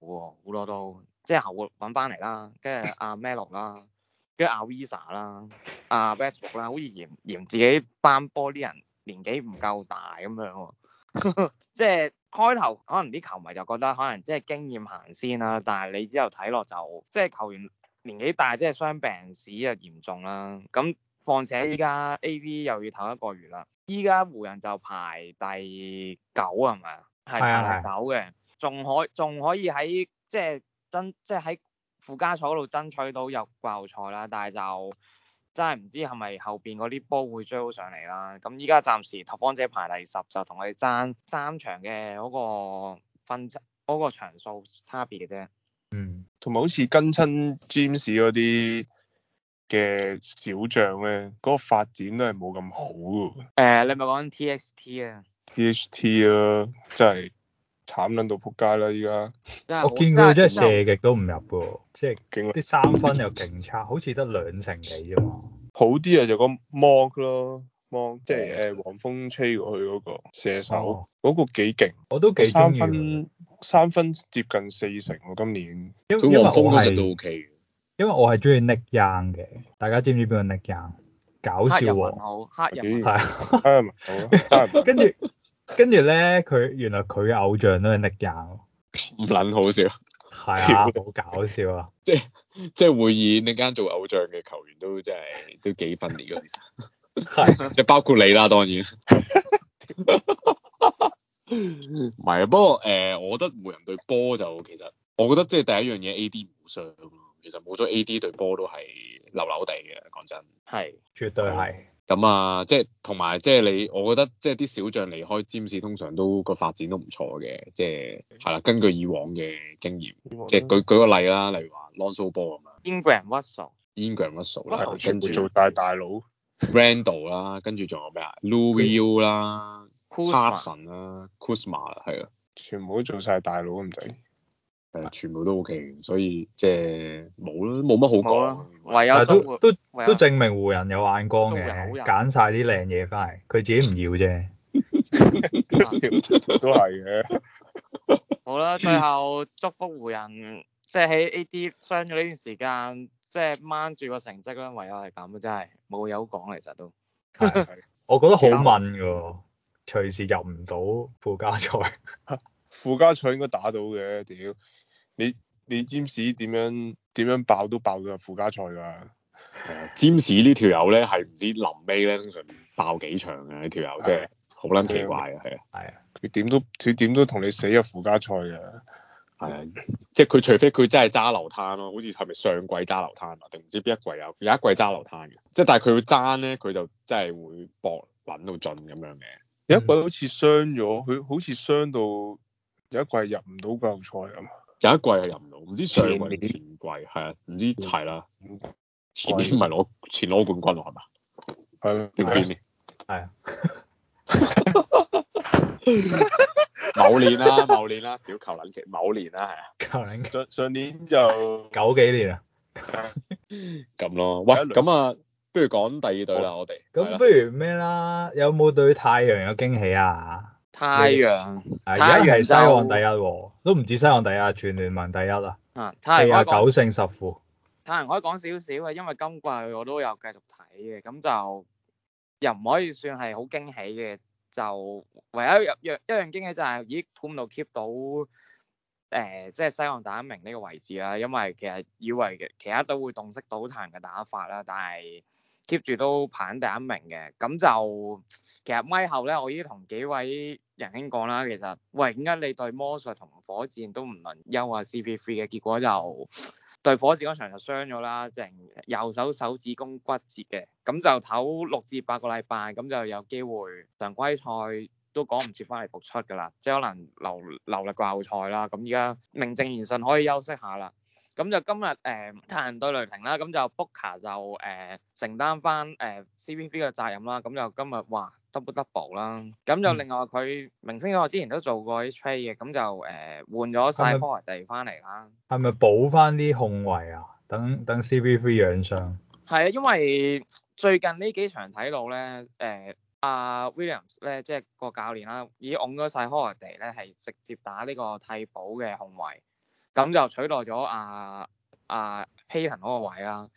Speaker 3: 喎，好多都即係後揾翻嚟啦，跟住阿、啊、Melo 啦。 跟阿 Visa 啦，阿 Best 啦，好似嫌嫌自己班波啲人年紀唔夠大咁樣喎，即 係、即係、開頭可能啲球迷就覺得可能即係經驗行先啦，但係你之後睇落就即係、即係、球員年紀大，即係傷病史又嚴重啦，咁況且依家 AD 又要唞一個月啦，依家湖人就排第九係咪啊？排
Speaker 1: 係九
Speaker 3: 嘅，仲可仲可以喺即係真即係喺。附加賽嗰度爭取到入季後賽啦，但係就真係唔知係咪後邊嗰啲波會追好上嚟啦。咁依家暫時拓荒者排第十，就同佢爭三場嘅嗰個分差，嗰、嗰個場數差別嘅啫。嗯，
Speaker 2: 同埋好似跟親 James 嗰啲嘅小將咧，嗰、嗰個發展都係冇咁好嘅、呃。你咪講 TST 啊？TST 啊，真係。慘撚到扑街啦！依家
Speaker 3: 我見佢真係
Speaker 2: 射極都唔入喎，
Speaker 1: 即係勁啲三分又勁差，好似得兩成幾啫
Speaker 2: 嘛。好啲啊，就個
Speaker 1: Mon 咯，Mon 即係誒黃風吹過去嗰個射
Speaker 2: 手，嗰個幾勁。我都幾中意三分，三分接近四成喎今年。
Speaker 1: 佢黃風都 O K 嘅，因為我係中意 Nick Young 嘅。大家知唔知邊個 Nick Young？搞笑喎！黑人
Speaker 3: 好，黑人係黑人好，黑人。跟住。
Speaker 1: 跟住咧，佢原來佢嘅偶像都係逆人，
Speaker 4: 唔捻、 嗯、好笑，
Speaker 1: 係啊， 好搞笑啊！
Speaker 4: 即係即係會以逆人做偶像嘅球員都真、就、係、是、都幾分裂嘅其實係啊，即係包括你啦、啊，當然，唔係啊，不過誒、呃，我覺得湖人隊波就其實，我覺得即係第一樣嘢 A D 唔好傷啊，其實冇咗 A D 隊波都係流流哋嘅，講真係，
Speaker 1: 絕對係。
Speaker 4: 咁啊，即係同埋即係你，我覺得即係啲小將離開占士，通常都個發展都唔錯嘅，即係係啦。根據以往嘅經驗，即係舉舉個例啦，例如話 Lonzo Ball 咁
Speaker 3: 樣，Ingram Russell，Ingram
Speaker 4: Russell 啦，全部做大大佬，Randall 啦，Randall，跟住仲有咩啊，Louis 啦 Kuzma 啦
Speaker 2: Kuzma 係啊，全部都做晒大佬咁滯。 誒，全部都 OK，
Speaker 4: 所以即係冇咯，
Speaker 2: 冇乜好講。唯有都都都證明湖
Speaker 1: 人有眼光嘅，揀晒啲靚嘢翻嚟，佢自己唔要啫。都係嘅。
Speaker 3: 好啦，最後祝福湖人，即係喺 A D 傷咗呢段時間，即係掹住個成績咁，唯有係咁咯，真係冇嘢好講，實 其實都。
Speaker 1: 我覺得好掹噶，隨、嗯、時入唔
Speaker 2: 到附加賽。附加賽應該打到嘅，屌！你你占士點樣點樣爆都爆到入附加賽噶。係啊，啊
Speaker 4: 占士呢條友咧係唔知臨尾咧，通常爆幾場嘅呢條友，即係好撚奇怪嘅係啊。係啊，佢點都佢點都同你死入附加賽嘅。係啊，即係佢除非佢真係揸流攤咯，好似係咪上季揸流攤啊？定唔知邊一季有有一季揸流攤嘅。即係但係佢要爭咧，佢就真係會搏捻到盡咁樣嘅。有一季、嗯、一好似傷
Speaker 2: 咗，佢好似傷到有一季入唔到季後賽啊
Speaker 4: 有一季又入唔到，唔知上季、前季，係季啊，唔知係啦。嗯、前年咪攞前攞冠軍咯，係咪、哎、是啊？係定邊？係啊。
Speaker 1: 某年啦，某年
Speaker 4: 啦，屌求其，某年啦，係啊。求其。上年就九幾年啊？咁 咯，喂，咁啊，不如
Speaker 1: 講第二隊好們啦，我哋。咁不如咩啦？有冇對太陽有驚喜啊？
Speaker 3: 太陽，太陽係西岸第
Speaker 1: 一，啊，都唔止西岸第一，全聯盟第一啊，四啊九勝十負。
Speaker 3: 太陽可以講少少啊，因為今季我都有繼續睇嘅，咁就又唔可以算係好驚喜嘅，就唯一一一樣驚喜就係，咦，潘度 keep 到誒，即，呃，係，就是、西岸第一名呢個位置啦，啊，因為其實以為其他隊會洞悉到太陽嘅打法啦，啊，但係 keep 住都排第一名嘅，咁就其實咪後咧，我已經同幾位，人兄講啦，其實喂，點解你對魔術同火箭都唔能休下？CP3 嘅結果就對火箭嗰場就傷咗啦，即右手手指公骨折嘅，咁就唞六至八個禮拜，咁就有機會常規賽都趕唔切翻嚟復出㗎啦，即係可能留留力季後賽啦。咁而家名正言順可以休息下啦。咁就今日誒，太、呃、人對雷霆啦，咁就 Booker 就誒、呃、承擔翻誒、呃、CP3 嘅責任啦。咁就今日話。double double 啦，咁就另外佢明星嗰之前都做過啲 trade 嘅，咁就誒換咗曬 Holiday 翻嚟啦。係
Speaker 1: 咪補翻啲控衞啊？等等 CP3 養傷。
Speaker 3: 係啊，因為最近呢幾場睇到咧，誒阿 Williams 咧，即係個教練啦，已經擁咗曬 Holiday 咧，係直接打呢個替補嘅控衞，咁就取代咗阿阿 Payton 嗰個位啦。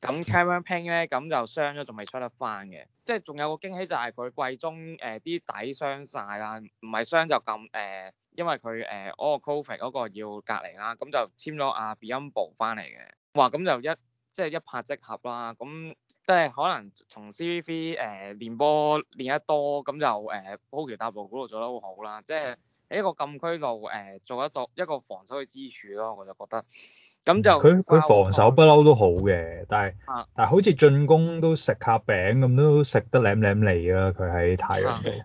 Speaker 3: 咁 Cameron Payne 咧，咁就傷咗，仲未出得翻嘅。即係仲有個驚喜就係佢季中誒啲底傷晒啦，唔係傷就咁誒、呃，因為佢誒 all COVID 嗰個要隔離啦，咁就簽咗阿、啊、Biyombo 翻嚟嘅。哇，咁就一即係、就是、一拍即合啦。咁即係可能從 cvv 誒練波練得多，咁就誒保、呃、橋踏步嗰度做得好好啦。即係喺一個禁區度誒、呃、做得到一個防守嘅支柱咯，我就覺得。咁佢佢防
Speaker 1: 守不嬲都好嘅，但係、啊、但係好似進攻都食下餅咁，都食得舐舐脷啊。佢喺太陽
Speaker 3: 隊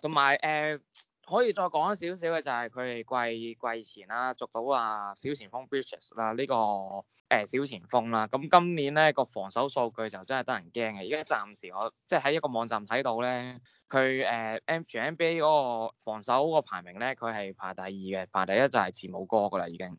Speaker 3: 同埋誒可以再講少少嘅就係佢哋季季前啦，續到啊小前鋒 Bridges 啦，呢、這個誒、呃、小前鋒啦。咁今年咧個防守數據就真係得人驚嘅。而家暫時我即係喺一個網站睇到咧，佢誒、呃、N 傳 NBA 嗰個防守嗰個排名咧，佢係排第二嘅，排第一就係字母哥噶啦已經。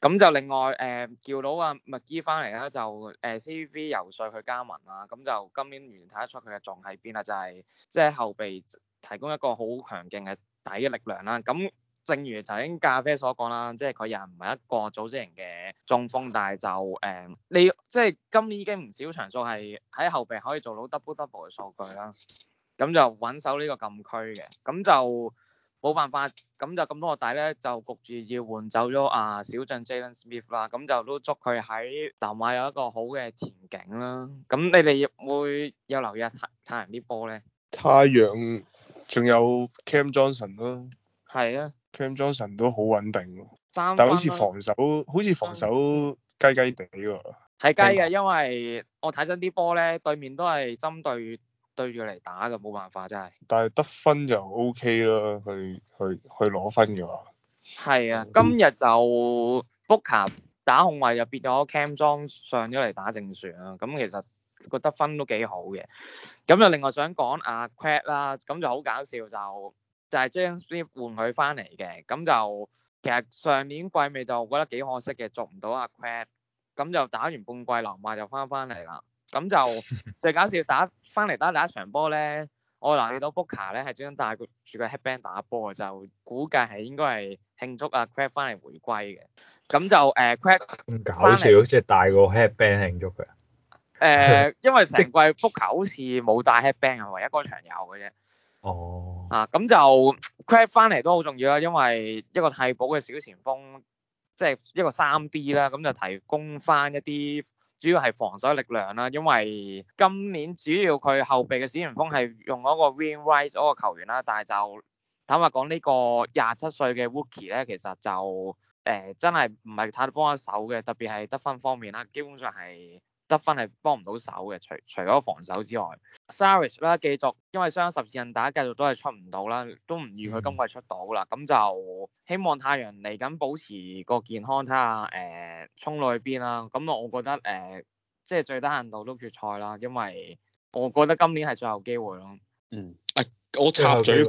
Speaker 3: 咁就另外誒、呃、叫到阿麥基翻嚟啦，就誒 C.V.V 遊說去加盟啦，咁、啊、就今年完全睇得出佢嘅重喺邊啦，就係即係後備提供一個好強勁嘅底嘅力量啦。咁、啊、正如頭先咖啡所講啦，即係佢又唔係一個組織型嘅中鋒，但就誒、啊、你即係、就是、今年已經唔少場數係喺後備可以做到 double double 嘅數據啦，咁、啊、就穩守呢個禁區嘅，咁就。冇辦法，咁就咁多學弟咧，就焗住要換走咗啊小鎮 Jalen Smith 啦，咁就都祝佢喺南馬有一個好嘅前景啦。咁你哋會有，有留意下、啊、太陽啲波咧？
Speaker 2: 太陽仲有 Cam Johnson 咯、啊。係啊，Cam Johnson 都好穩定喎，
Speaker 3: 啊、但好似防
Speaker 2: 守好似防守雞雞地喎。
Speaker 3: 係、啊、雞嘅，嗯、因為我睇緊啲波咧，對面都係針對。對住嚟打嘅，冇辦法真係，
Speaker 2: 但係得分就 O K 啦，去去去攞分嘅話。
Speaker 3: 係啊，今日就 Booker、er、打控衞就變咗 Cam Johnson 上咗嚟打正選啦。咁其實個得分都幾好嘅。咁就另外想講阿、啊、Quade 啦，咁就好搞笑就就係、是、j a 換佢翻嚟嘅。咁就其實上年季尾就覺得幾可惜嘅，捉唔到阿、啊、Quade。咁就打完半季南亞就翻翻嚟啦。咁 就最搞笑打翻嚟打第一場波咧，我嗱見到 Booker 咧係專登帶住個 headband 打波嘅，就估計係應該係慶祝啊 Crab 翻嚟回歸嘅。咁就誒 Crab 翻嚟咁搞笑，
Speaker 1: 即係來帶個 headband 慶祝嘅。
Speaker 3: 誒、 呃，因為成季 Booker 好似冇帶 headband，係唯一嗰場有嘅啫。哦。啊，咁就 Crab 翻嚟都好重要啦，因為一個替補嘅小前鋒，即、就、係、是、一個三 D 啦，咁就提供翻一啲。主要係防守力量啦，因為今年主要佢後備嘅小前鋒係用嗰個 Win Wright 嗰個球員啦，但係就坦白講呢個廿七歲嘅 Wookie 咧，其實就誒、呃、真係唔係太幫一手嘅，特別係得分方面啦，基本上係。得分係幫唔到手嘅，除除咗防守之外 Saric 啦，繼續因為雙十字印打，繼續都係出唔到啦，都唔預佢今季出到啦。咁、嗯、就希望太陽嚟緊保持個健康，睇下誒衝落去邊啦。咁啊，我覺得誒、呃、即係最低限度都決賽啦，因為我覺得今年係最後機會咯。嗯，
Speaker 4: 誒我插嘴，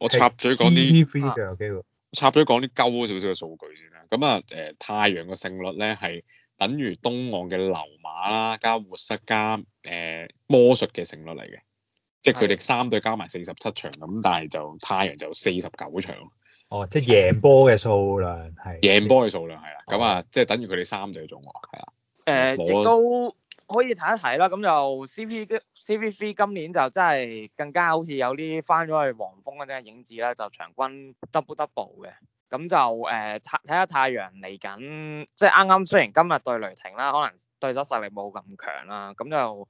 Speaker 4: 我插嘴講啲，插嘴講啲鳩少少嘅數據先啦。咁啊誒，太陽嘅勝率咧係。等於東岸嘅流馬啦，加活塞加誒、呃、魔術嘅勝率嚟嘅，即係佢哋三隊加埋四十七場咁，但係就太陽就四十九場。哦，
Speaker 1: 即係贏波嘅數量係是是贏波嘅數量係
Speaker 4: 啦，咁啊，即係等於佢哋三隊中喎，係
Speaker 3: 啦。誒、嗯，亦、呃、我都可以睇一睇啦，咁就 C P C P three 今年就真係更加好似有啲返咗去黃蜂嗰啲影子啦，就場均 double double 嘅。咁就誒睇睇下太陽嚟緊，即係啱啱雖然今日對雷霆啦，可能對手實力冇咁強啦，咁就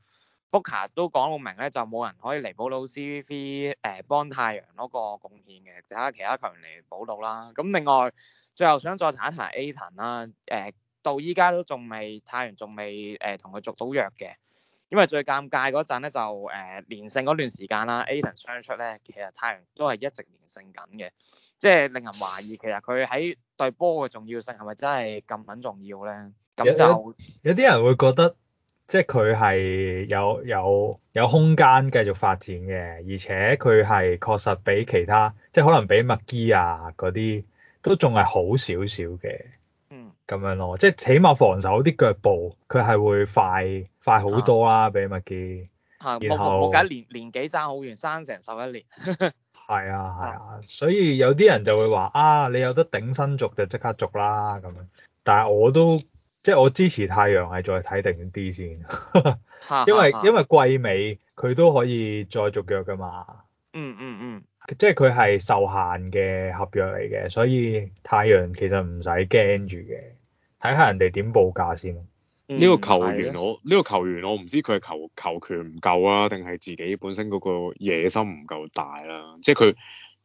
Speaker 3: Booker 都講到明咧，就冇人可以嚟補到 CVP 誒、呃、幫太陽嗰個貢獻嘅，睇下其他球員嚟補到啦。咁另外最後想再談一談 Aton 啦，誒到依家都仲未太陽仲未誒同佢續到約嘅，因為最尷尬嗰陣咧就誒、呃、連勝嗰段時間啦，Aton 傷出咧，其實太陽都係一直連勝緊嘅。即係令人懷疑，其實佢喺對波嘅重要性係咪真係咁撚重要咧？咁
Speaker 1: 就有啲人會覺得，即係佢係有有有空間繼續發展嘅，而且佢係確實比其他，即係可能比麥基啊嗰啲都仲係好少少嘅。咁、嗯、樣咯，即係起碼防守啲腳步，佢係會快快好多啦，比麥基。
Speaker 3: 嚇、啊後！我冇冇，年年紀爭好遠，生成十一年。 係啊係啊，
Speaker 1: 所以有啲人就會話啊，你有得頂薪續就即刻續啦咁樣。但係我都即係我支持太陽係再睇定啲先， 因為因為季尾佢都可以再續約噶嘛。嗯嗯嗯，嗯嗯即係佢係受限嘅合約嚟嘅，所以太陽其實唔使驚住嘅，睇下人哋點報價先。呢個，嗯，這個球員我
Speaker 4: 呢個球員我唔知佢係球球權唔夠啊，定係自己本身嗰個野心唔夠大啦，啊。即係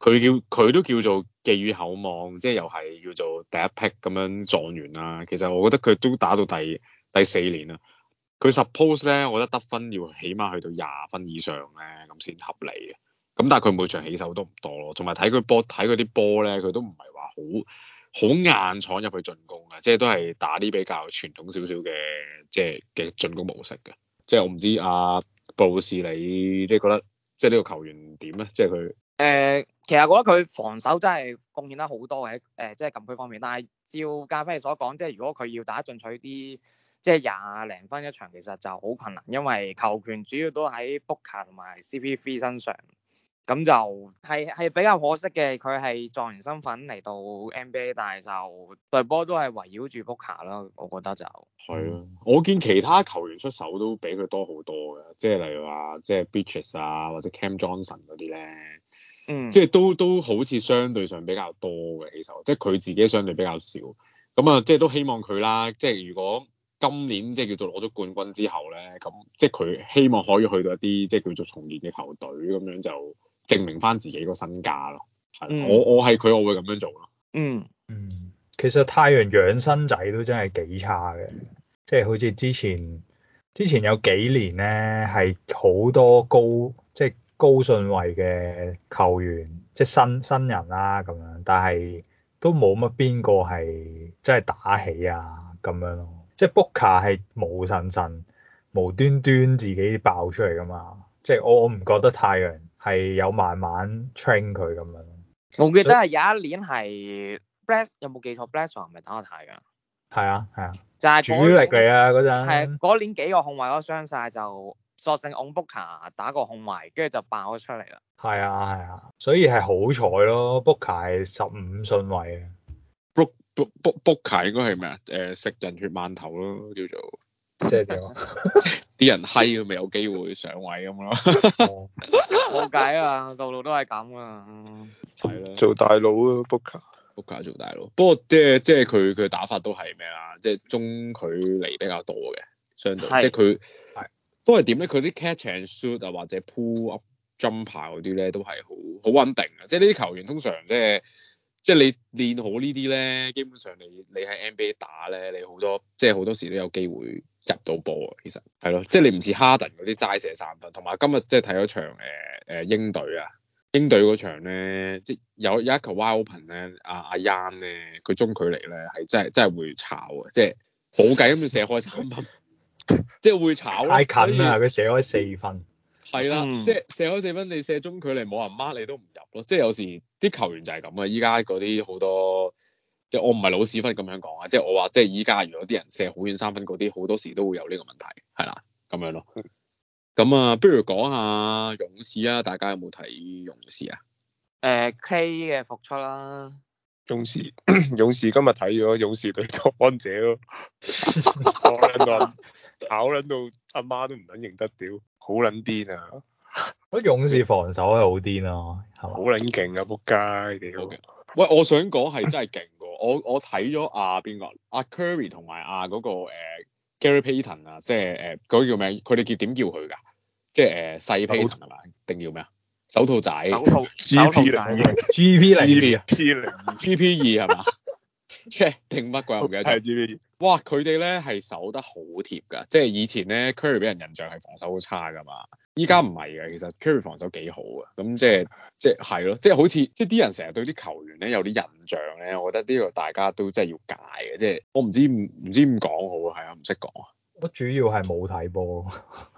Speaker 4: 佢佢叫佢都叫做寄予厚望，即係又係叫做第一匹咁樣狀元啦，啊。其實我覺得佢都打到第第四年啦。佢 suppose 咧，我覺得得分要起碼去到廿分以上咧，咁先合理嘅。咁但係佢每場起手都唔多咯，同埋睇佢波睇佢啲波咧，佢都唔係話好。好硬闖入去進攻嘅，即係都係打啲比較傳統少少嘅，即係嘅進攻模式嘅。即係我唔知阿、啊、布士你即係覺得即係呢個球員點咧？即係佢誒，
Speaker 3: 其實覺得佢防守真係貢獻得好多嘅誒，即、呃、係、就是、禁區方面。但係照咖啡所講，即係如果佢要打進取啲即係廿零分一場，其實就好困難，因為球權主要都喺 Booker 同埋 C P V 身上。咁就係係比較可惜嘅，佢係狀元身份嚟到 NBA，但係就隊波都係圍繞住 Booker 啦，我覺得就係啊、
Speaker 4: 嗯，我見其他球
Speaker 3: 員出手都比佢多好多嘅，
Speaker 4: 即係例如話即係 Bridges 啊或者 Cam Johnson 嗰啲咧，嗯，即係都都好似相對上比較多嘅起手，即係佢自己相對比較少。咁啊，即係都希望佢啦，即係如果今年即係叫做攞咗冠軍之後咧，咁即係佢希望可以去到一啲即係叫做重建嘅球隊咁樣就。證明翻自己個身價咯、嗯，我我係佢，我會咁樣做咯。嗯嗯，
Speaker 1: 其實太陽養生仔都真係幾差嘅，即係好似之前之前有幾年咧，係好多高即係高順位嘅球員，即係新新人啦咁樣，但係都冇乜邊個係真係打起啊咁樣咯。即係 Booker 係無神神無端端自己爆出嚟噶嘛，即係我我唔覺得太陽。係有慢慢 train 佢咁樣。
Speaker 3: 我記得係有一年係，Blaze 有冇記錯，Blaze 唔係打得太㗎。係啊，
Speaker 1: 係啊。
Speaker 3: 就係主力嚟啊嗰陣。係啊，嗰年幾個控衞都傷晒，就索性 on Booker 打個控衞，跟住就爆咗出嚟啦。
Speaker 1: 係啊，係啊，所以係好彩咯，Booker 係十五順位啊。Book Book Book Booker 應該係咩啊？誒、呃，
Speaker 4: 食人血饅頭咯，叫做。
Speaker 3: 即係
Speaker 4: 點啊？啲 人閪，佢咪有機會上位咁咯？
Speaker 3: 冇計啊，度度都係咁啊。係、嗯、
Speaker 4: 咯， 了做大佬啊 Booker Booker 做大佬。不過即係即係佢佢打法都係咩啊？即係中距離比較多嘅，相對是即係佢係都係點咧？佢啲 catch and shoot 啊，或者 pull up jumper 嗰啲咧，都係好好穩定啊。即係呢啲球員通常、就是、即係即係你練好呢啲咧，基本上你你喺 NBA 打咧，你好多，你好多即係好多時都有機會。入到波啊，其實係咯，的即係你唔似哈登嗰啲齋射三分，同埋今日即係睇咗場誒誒、呃呃、英隊啊，英隊嗰場咧，即係有有一球 wide open 咧，阿阿 Ian 咧，佢中距離咧係真係真係會炒啊，即係冇計咁樣射開三分， 即係會炒。太近啊，佢射開四分。係啦了，嗯、即係射開四分，你射中距離冇人孖，你都唔入咯。即係有時啲球員就係咁啊，依家嗰啲好多。即係我唔係老屎忽咁樣講啊！即係我話，即係依家如果啲人射好遠三分嗰啲，好多時都會有呢個問題，係啦，咁樣咯。咁啊，不如講下勇士啊！大家有冇睇勇士啊？
Speaker 3: 誒、呃、，K 嘅復出啦、
Speaker 4: 啊！勇士咳
Speaker 2: 咳，勇士今日睇咗勇士對安者咯，炒撚到，炒撚到阿媽都唔撚認得屌，好
Speaker 4: 撚癲啊！嗰 勇
Speaker 1: 士防守係好癲咯，
Speaker 4: 係嘛？好撚勁啊，扑街，幾好嘅、啊。喂，我想講係真係勁喎！我我睇咗阿邊個阿 Curry 同埋阿嗰個 Gary Payton 啊，即係誒嗰叫咩？佢哋叫點叫佢㗎？即係誒細 Payton 係咪套？定叫咩啊？手套仔
Speaker 1: 手套，G P 嚟，G P 嚟，G
Speaker 4: P 啊，G P 二係嘛？即係定乜鬼？我唔記得，G P。哇！佢哋咧係守得好貼㗎，即係以前咧 Curry 俾人印象係防守好差㗎嘛。依家唔係嘅，其實 Curry 防守幾好啊。咁即係、嗯、即係係咯，即係好似即係啲人成日對啲球員咧有啲印象咧，我覺得呢個大家都真係要戒嘅，即係我唔知唔知點講好啊，係啊，唔識講啊，
Speaker 1: 我主要係冇睇波，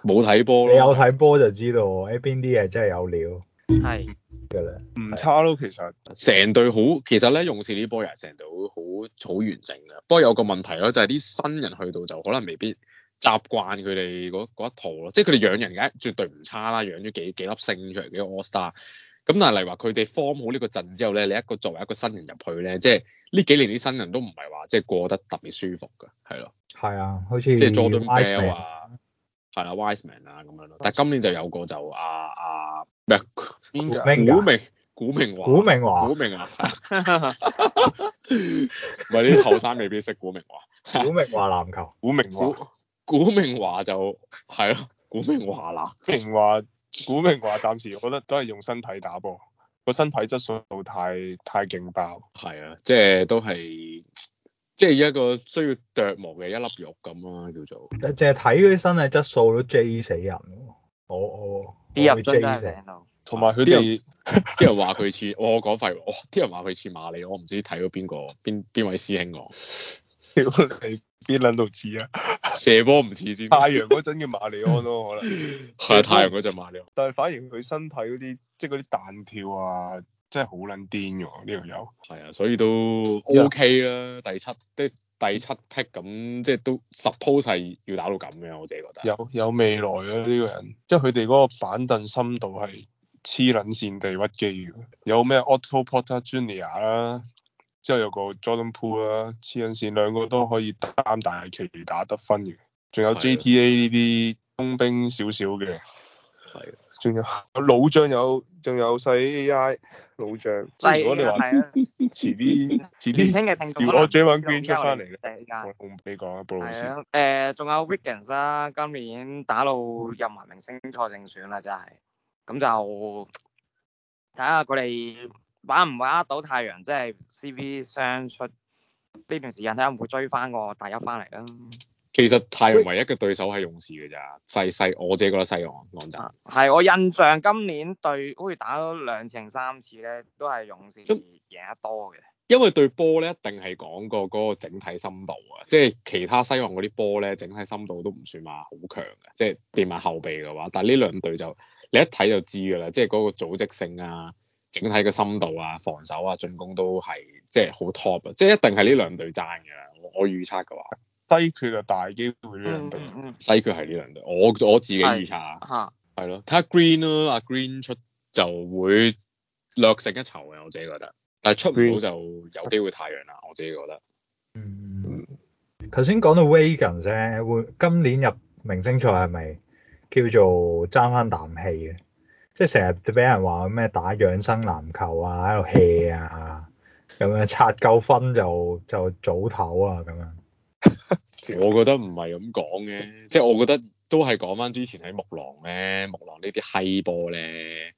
Speaker 4: 冇睇波，你
Speaker 1: 有睇波就知道喺邊啲嘢真係有料，係㗎啦，唔差咯，其實
Speaker 4: 成隊好，其實咧勇士呢波又成隊好好完整嘅，不過有個問題咯，就係、係、啲新人去到就可能未必。習慣佢哋嗰一套咯，即係佢哋養人嘅，絕對唔差啦，養咗幾幾粒星出嚟，嘅 All Star。咁但係例如話佢哋 form 好呢個陣之後咧，你一個作為一個新人入去咧，即係呢幾年啲新人都唔係話即係過得特別舒服噶，係咯。係啊，好
Speaker 3: 似即係做到 Jordan Bell 啊，
Speaker 4: 係啦，Wiseman 啊咁樣咯。但係今年就有個就啊啊，咩、啊、古明古明華，古明華，古明華，唔係呢啲後生未必識古明華。古明華籃球，古明華。古古明華就係咯，古明華啦，
Speaker 2: 明華，古明華暫時我覺得都係用身體打波，個身體質素
Speaker 4: 太太勁爆，係啊，即係都係，即係一個需要琢磨嘅一粒肉咁啊，叫做，
Speaker 1: 淨係睇嗰啲身體質素都 J 死人，我
Speaker 4: 我啲人 J 死，同埋佢哋啲人話佢似，我我講廢話，我啲人話佢似馬里，我唔知睇到邊個邊邊位師兄我，你邊兩度似啊！射波唔似先，太陽嗰陣嘅馬
Speaker 2: 里安咯，可能係太陽嗰陣馬里安。但係反而佢身體嗰啲，即係嗰啲彈跳啊，這個、真係好撚
Speaker 4: 癲㗎喎！呢個有係啊，所以都 OK 啦。啊、第七即係第七 tick 咁，即係都 suppose 係要打到咁嘅，我自己覺
Speaker 2: 得有有未來啊！呢、這個人即係佢哋嗰個板凳深度係黐撚線地屈機㗎，有咩 Auto Porter Junior 啦。之後有個 Jordan Poole 啦，黐撚線兩個都可以擔大旗打得分嘅，仲有 JTA 呢啲中兵少少嘅，係，仲有老將有，仲有細 AI 老將，如果你話遲啲，遲啲聽嘅聽眾，我最近搵出翻嚟嘅，你講布魯士，
Speaker 3: 誒，仲、呃、有 Wiggins 啦、啊，今年已經打到入埋明星賽正選啦真係，咁就睇下佢哋。看看玩唔玩得到太陽？即係 CBA 雙出呢段時間，睇下會唔會追翻個第一翻嚟啦。
Speaker 4: 其實太陽唯一嘅對手係勇士嘅咋，西西，我自己覺得西岸。
Speaker 3: 浪仔係我印象今年對，好似打咗兩程三次咧，都係勇士贏得多嘅。
Speaker 4: 因為對波咧，一定係講過嗰個整體深度啊，即係其他西岸嗰啲波咧，整體深度都唔算話好強嘅，即係掂埋後備嘅話。但係呢兩隊就你一睇就知噶啦，即係嗰個組織性啊。整體嘅深度啊，防守啊，進攻都係即係好 top 啊，即係一定係呢兩隊爭嘅啦。我我預測嘅話，西決啊大機會呢兩隊，嗯嗯、西決係呢兩隊，我我自己預測吓啊，係咯，睇下 Green 咯，阿 Green 出就會略勝一籌嘅，我自己覺得，但係出唔到就有機會太陽啦，我自己覺得。嗯，
Speaker 1: 頭先講到 Wiggins 啫，會今年入明星賽係咪叫做爭翻啖氣嘅？即係成日俾人話咩打養生籃球啊，喺度 hea 啊，咁樣刷夠分就就早唞啊，咁
Speaker 4: 樣。 我覺得唔係咁講嘅，即係我覺得都係講翻之前喺木狼咧，木狼呢啲閪波咧，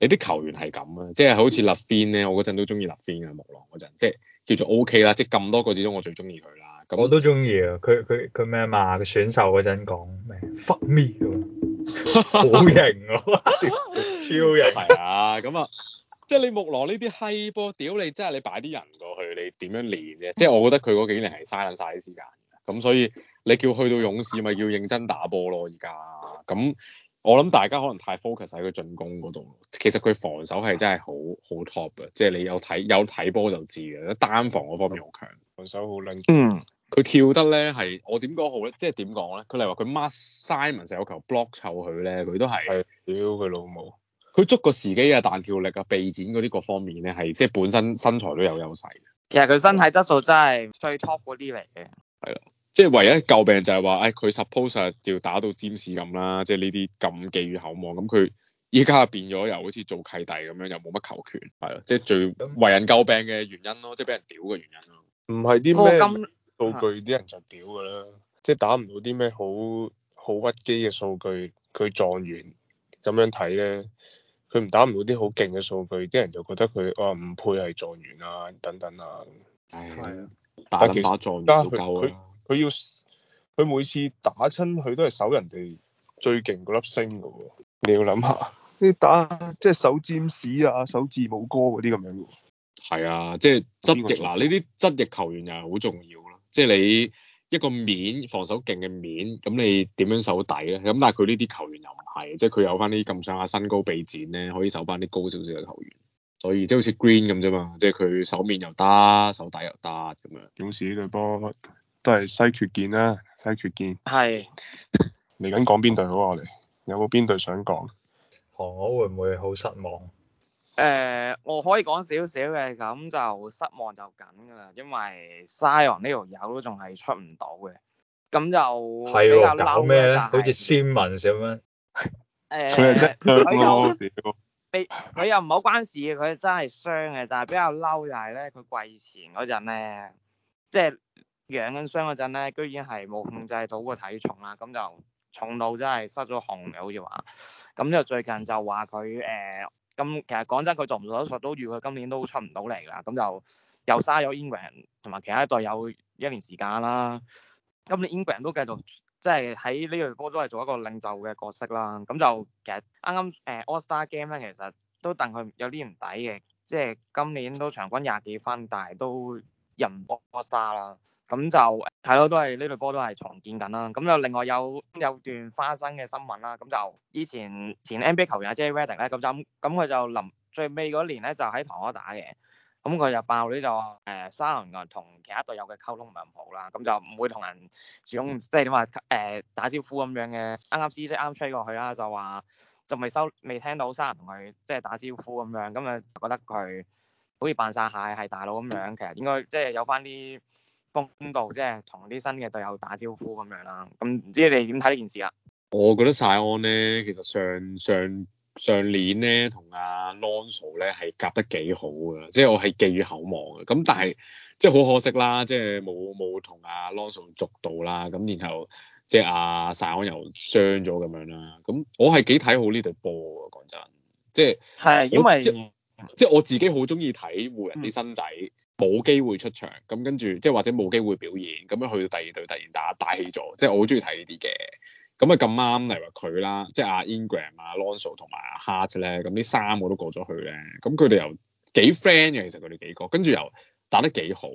Speaker 4: 你啲球員係咁啊，即係好似 Lavine 咧，我嗰陣都中意 Lavine 嘅木狼嗰陣，即係叫做 OK 啦，即係咁多個之中我最中意佢
Speaker 1: 啦。我都中意啊！佢佢佢咩嘛？佢選手嗰陣講咩？fuck me 喎，好型喎，超型啊！咁啊，即係你木羅呢啲閪
Speaker 4: 波屌你，真係你擺啲人過去，你點樣練啫？即係我覺得佢嗰幾年係嘥撚曬啲時間。咁、嗯、所以你叫去到勇士咪要認真打波咯，而家咁我諗大家可能太 focus 喺佢進攻嗰度，其實佢防守係真係好好 top 啊，即係你有睇有睇波就知嘅，單防嗰方面好強，防守好 link 嗯。嗯佢跳得咧，係我點講好咧？即係點講咧？佢例如話佢 Mark Simon 成個球 block 臭佢咧，佢都
Speaker 3: 係屌佢老母。
Speaker 4: 佢捉個時機啊、彈跳力啊、臂展嗰啲各方面咧，係即係本身身材都有優勢。其實佢身體質素真係
Speaker 3: 最 top 嗰啲嚟嘅。
Speaker 4: 係啦，即係唯一詬病就係話誒，佢、哎、suppose 要打到占士咁啦，即係呢啲寄予厚望。咁佢依家變咗又好似做契弟咁樣，又冇乜球權。係啊，即係最為人詬病嘅原因咯，即係俾人屌嘅原因咯。唔係啲咩？啊、數據啲人就
Speaker 2: 屌噶啦，即係打唔到啲咩好好屈機嘅數據，佢狀元咁樣睇咧，佢唔打唔到啲好勁嘅數據，啲人就覺得佢啊唔配係狀元啊等等啊。係啊，
Speaker 4: 但其實但佢
Speaker 2: 佢要佢每次打親佢都係守人哋最勁嗰粒星噶。你要諗下啲打即係守占士啊，守字母哥嗰啲咁樣。係啊，
Speaker 4: 即係側翼嗱呢啲側翼球員又係好重要。即係你一個面防守勁嘅面，咁你點樣守底咧？咁但係佢呢啲球員又唔係，即係佢有翻啲咁上下身高臂展咧，可以守翻啲高少少嘅球員，所以即係好似 Green 咁啫嘛。即係佢守面又得，守底又得咁樣。勇士呢隊波都係西
Speaker 2: 決見啦，西決見。
Speaker 3: 係是。
Speaker 2: 嚟緊講邊隊好啊？我哋有冇邊隊想
Speaker 1: 講？
Speaker 3: 韓歐會唔會好失望？誒、呃，我可以講少少嘅，咁就失望就緊噶啦，因為 Sion 呢條友都仲係出唔到嘅，咁就係比較嬲咩好似
Speaker 1: s 文咁樣，誒、呃，佢 又
Speaker 3: 屌，佢 又唔好關事，佢真係傷嘅，但係比較嬲就係咧，佢季前嗰陣咧，即係養緊傷嗰陣咧，居然係冇控制到個體重啦，咁就重到真係失咗紅嘅，好似話，咁就最近就話佢誒。呃咁其實講真，佢做唔做手術都預佢今年都出唔到嚟啦。咁就又嘥咗 Ingram 同埋其他一隊有一年時間啦。今年 Ingram 都繼續即係喺呢隊波都係做一個領袖嘅角色啦。咁就其實啱啱誒 All Star game 咧，其實都戥佢有啲唔抵嘅，即係今年都場均廿幾分，但係都入唔 All Star 啦。咁就係咯，都係呢類波都係重建緊啦。咁就另外有有段花生嘅新聞啦。咁就以前以前 NBA 球員 Jay Redding 咧，咁就咁佢就臨最尾嗰年咧就喺台灣打嘅。咁佢就爆呢，就話誒、呃、沙倫啊，同其他隊友嘅溝通唔係咁好啦。咁就唔會同人主、嗯、即係點話誒打招呼咁樣嘅。啱啱 CJ 啱 trade 過去啦，就話仲未收未聽到沙倫同佢即係打招呼咁樣，咁啊覺得佢好似扮晒蟹係大佬咁樣，其實應該即係有翻啲。公道即係同啲新嘅隊友打招呼咁樣啦，咁唔知你哋點睇呢件事啊？
Speaker 4: 我覺得曬安咧，其實上上上年咧同阿 Lonzo、so、咧係夾得幾好嘅，即係我係寄予厚望嘅。咁但係即係好可惜啦，即係冇冇同阿 Lonzo 續到啦。咁、so、然後即係阿曬安又傷咗咁樣啦。咁我係幾睇好呢隊波嘅，講真，即係、啊、係的我因為即係我自己好中意睇湖人啲新仔。嗯冇機會出場，咁跟住即係或者冇機會表演，咁樣去到第二隊突然打大戲咗，即係我好中意睇呢啲嘅。咁啊咁啱例如話佢啦，即係阿 Ingram 啊、Lonzo 同埋阿、啊、Hart 咧，咁呢三個都過咗去咧，咁佢哋又幾 friend 嘅，其實佢哋幾個，跟住又打得幾好，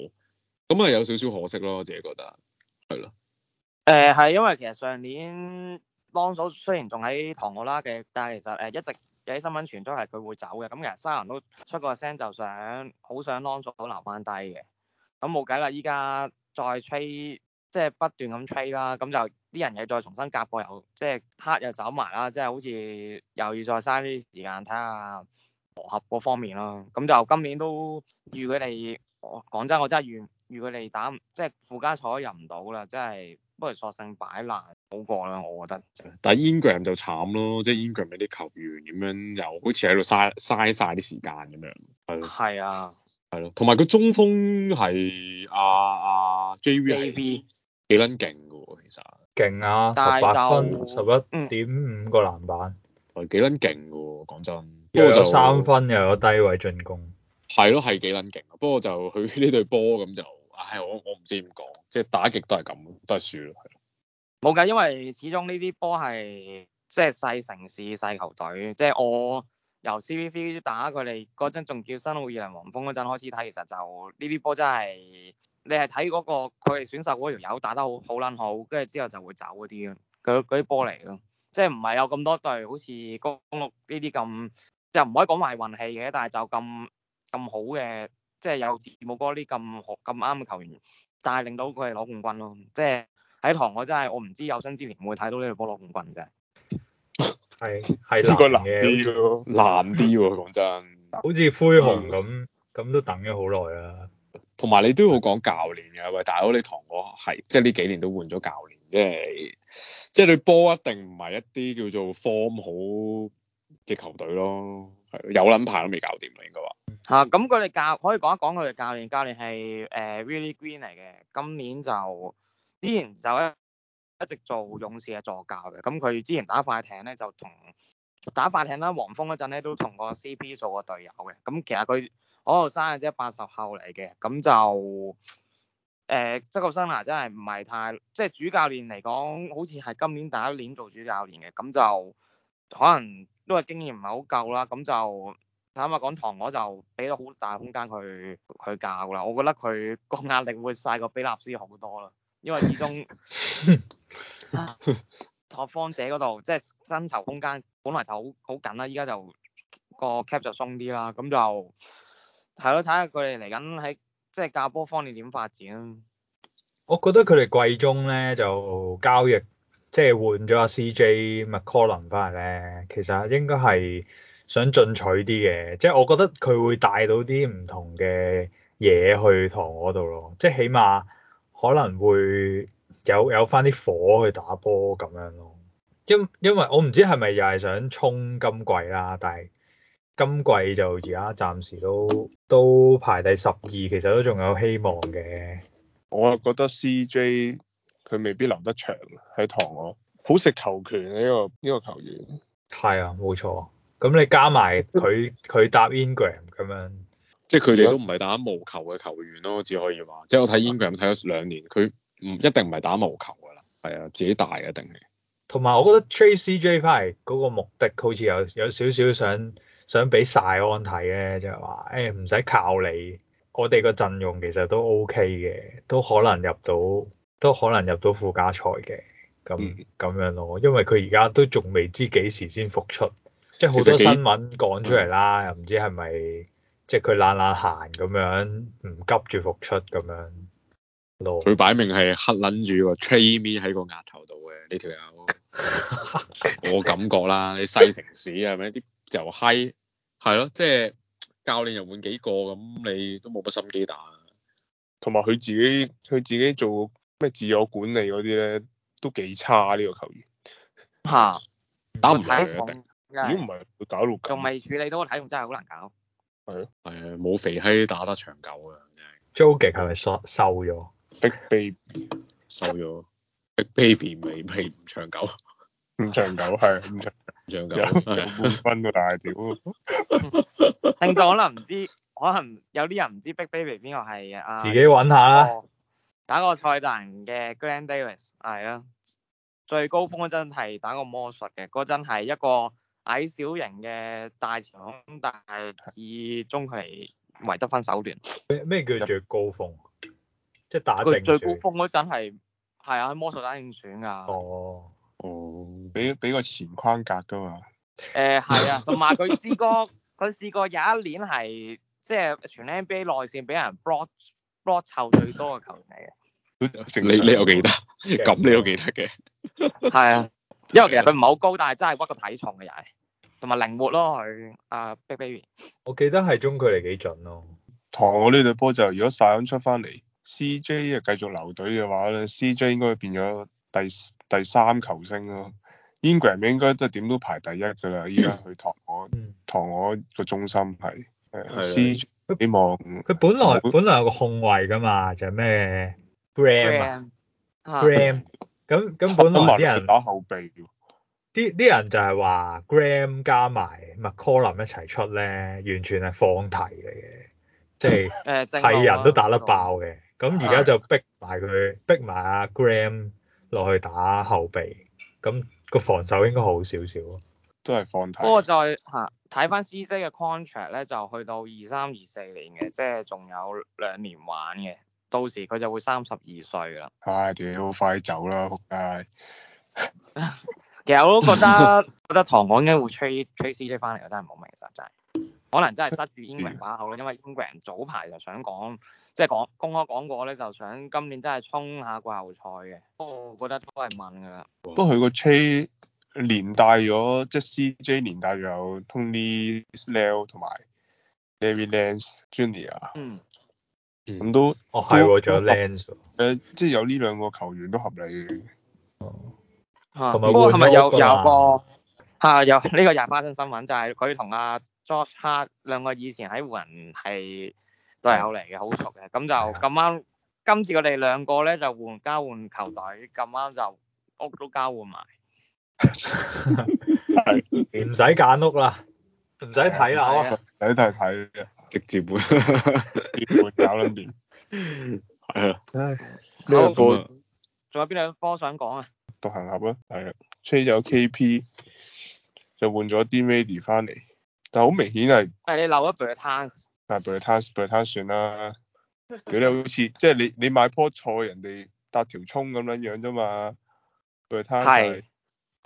Speaker 4: 咁啊有少少可惜咯，我自己覺得係咯。
Speaker 3: 誒係、呃、因為其實上年 Lonzo 雖然仲喺塘鵝啦嘅，但係其實誒、呃、一直。有啲新聞傳出係佢會走嘅，咁其實三人都出個聲就想，好想 long 咗留返低嘅，咁冇計啦，依家再吹，即係不斷咁吹啦，咁就啲人又再重新夾過，又即係黑又走埋啦，即係好似又要再嘥啲時間睇下磨合嗰方面咯，咁就今年都預佢哋，我講真，我真係預。如果你打即係附加賽入唔到啦，即係不，不如索性擺爛好過啦，我覺得。
Speaker 4: 但係 Ingram 就慘咯，即係 Ingram 啲球員咁樣，又好似喺度嘥嘥晒啲時間咁樣。係啊，啊，係、啊、咯，同埋佢中鋒係啊啊 JV，幾
Speaker 1: 捻勁噶喎，其實。勁啊！十八分，十一點五個籃板，幾捻勁噶喎，講真。因為就三分，又有低位進攻。係咯，係
Speaker 4: 幾撚勁，不過就佢呢隊波咁就，唉，我我唔知點講，即係打極都係咁，都係輸咯。係
Speaker 3: 咯，冇計，因為始終呢啲波係即係細城市細球隊。即係我由 C V V 打佢哋嗰陣，仲叫新奧爾良黃蜂嗰陣開始睇，其實就呢啲波真係你係睇嗰個佢哋選手嗰條友打得好好撚好，跟住之後就會走嗰啲咯。佢啲波嚟咯，即係唔係有咁多隊好似公鹿呢啲咁，就唔可以講埋運氣嘅，但係就咁。咁好嘅，即係有字母哥啲咁好咁啱嘅球員，但係令到佢係攞冠軍咯。即係喺堂我真係我唔知有生之年唔會睇到呢個波攞冠軍嘅。
Speaker 4: 係係難嘅，難啲喎，講真。
Speaker 1: 好似灰熊咁，咁都等咗好耐啦。
Speaker 4: 同埋 你都要講教練嘅喂，大佬，你堂我係，即係呢幾年都換咗教練，即係即係對波一定唔係一啲叫做 form 好。嘅球隊咯，係有撚排都未搞掂啦，
Speaker 3: 應該話吓咁佢哋教可以講一講佢哋教練，教練係誒 Willie Green 嚟嘅，今年就之前就一一直做勇士嘅助教嘅，咁佢之前打快艇咧就同打快艇啦，黃蜂嗰陣咧都同個 CP 做過隊友嘅，咁其實佢嗰度生日即係八十後嚟嘅，咁就誒、呃、執教生涯真係唔係太即係、就是、主教練嚟講，好似係今年第一年做主教練嘅，咁就可能。因為經驗唔係好夠啦，咁就坦白講，唐我就俾咗好大空間佢佢教啦。我覺得佢個壓力會細過比納斯好多啦，因為始終拓荒者嗰度即係薪酬空間本來就好好緊啦，依家就個 cap 就鬆啲啦，咁就係咯，睇下佢哋嚟緊喺即係教波方面點發展。
Speaker 1: 我覺得佢哋季中咧就交易。即係換咗阿 CJ McCollum 翻嚟咧，其實應該係想進取啲嘅，即係我覺得佢會帶到啲唔同嘅嘢去堂嗰度咯，即係起碼可能會有有翻啲火去打波咁樣咯。因因為我唔知係咪又係想衝今季啦，但係今季就而家暫時都都排第十二，其實都仲有希望嘅。
Speaker 2: 我覺得 CJ。佢未必留得長喺堂咯，好食球權呢、這個呢、這個球員。係
Speaker 1: 啊，冇錯。咁你加埋佢佢搭 Ingram 咁樣，
Speaker 4: 即係佢哋都唔係打無球嘅球員咯，只可以話。即係我睇 Ingram 睇咗兩年，佢唔一定唔係打無球噶啦。係啊，自己大一定係。
Speaker 1: 同埋我覺得 trade CJ 返嚟嗰個目的好似有有少少想想俾 Zion 睇咧，即係話誒唔使靠你，我哋個陣容其實都 OK 嘅，都可能入到。都可能入到附加賽嘅，咁咁樣咯，嗯、因為佢而家都仲未知幾時先復出，即係好多新聞講出嚟啦，又唔、嗯、知係咪即係佢懶懶閒咁樣，唔急住復出咁樣，咯、嗯。佢
Speaker 4: 擺明係黑捻住，tree me 喺個額頭度嘅呢條友。這個、 我感覺啦，你細城市係咪啲就嗨？係咯，即係教練又換幾個，咁你都冇乜心機打、
Speaker 2: 啊。同埋佢自己，佢自己做。咩自我管理嗰啲咧，都幾差呢個球員
Speaker 3: 吓，個體如果唔係，搞定到仲未處理到個體重，真係好難搞。
Speaker 4: 係啊，係啊，冇肥閪打得長久啊。Jojo 係咪瘦瘦咗？Big Baby 瘦咗 ？Big Baby 咪皮唔長久，唔長久係唔長唔長久，有
Speaker 3: 半
Speaker 4: 分嘅大表。
Speaker 3: 聽眾可能唔知，可能有啲人唔知 Big Baby 邊個係啊？自己搵下打個塞爾特人嘅 Glen Davis 係咯，啊，最高峰嗰陣係打個魔術嘅，嗰陣係一個矮小型嘅大前鋒，但係以中距離為得分手段。咩叫做高，就是，最高峰？即係打最高峰嗰陣係係啊，喺魔術打正選噶。哦哦，俾俾個前框格噶嘛。誒係啊，同埋佢試過，佢試 過有一年係即係全 NBA 內線俾人 block。block 球最多嘅球員嚟嘅，你你又記得，咁你都記得嘅，係啊，因為其實佢唔係好高，但係真係屈個體重嚟嘅，同埋靈活咯佢啊，Big Baby。我記得係中距離幾準咯，
Speaker 2: 唐我呢隊波就如果晒咗出翻嚟，C J 啊繼續留隊嘅話咧，C J 應該變咗第第三球星咯，Ingram 應該都點都排第一噶啦，依家去唐我唐我個中心係係。 的佢冇。
Speaker 1: 佢本來本來有個控衞㗎嘛，就係咩？Graham，Graham 咁咁本來啲人 打後備。啲啲人就係話 Graham 加埋 McCollum 一齊出咧，完全係放題嚟嘅，即係
Speaker 3: 係人都打得爆嘅。咁而家就
Speaker 1: 逼埋佢，逼埋阿 Graham 落去打後備，咁、嗯、個防守應該好少少。都係
Speaker 3: 放題。不過再嚇。嗯睇翻 CJ 嘅 contract 咧，就去到二三二四年嘅，即係仲有兩年玩嘅，到時佢就會三十二歲啦。唉，屌，快走啦，仆街！ 其實我都覺得，覺得唐廣應該會吹 r CJ 翻嚟我真係冇名，其實真係。可能真係塞住英 n g 口啦，因為英 n g r a m 早排就想講，即、就、係、是、講,講公開講過咧，就想今年真係衝下季後賽嘅。不我覺得都係問㗎啦。
Speaker 2: 不過佢個 t 連帶咗，即係 CJ 連帶住有 Tony Snell 同埋 Larry Lance Jr. 嗯，咁都哦係喎，仲、啊、都有 Lance 誒、嗯，即係有呢兩個球員都合
Speaker 3: 理嘅哦，啊啊、不過咪有個、啊啊啊、有個嚇有呢個廿八新新聞，就係佢同阿 Josh Hart 兩個以前喺湖人係都係好嚟嘅，好、嗯、熟嘅，咁就咁啱、嗯啊、今次佢哋兩個咧就換交換球隊，咁啱就屋都交換埋。唔
Speaker 1: 使揀屋啦，唔使睇啦，好啊，睇使睇睇，直接換，點換搞卵亂係啊！唉，呢個仲
Speaker 3: 有邊兩科想講啊？
Speaker 2: 獨行俠啊，係啊，吹咗 KP，就換咗啲 l a d 翻嚟，但好明顯係
Speaker 3: 係你漏咗 Bertans，
Speaker 2: 但 Bertans Bertans 算啦，屌你，好似即係你你買棵菜，人哋搭條葱咁樣樣啫嘛，Bertans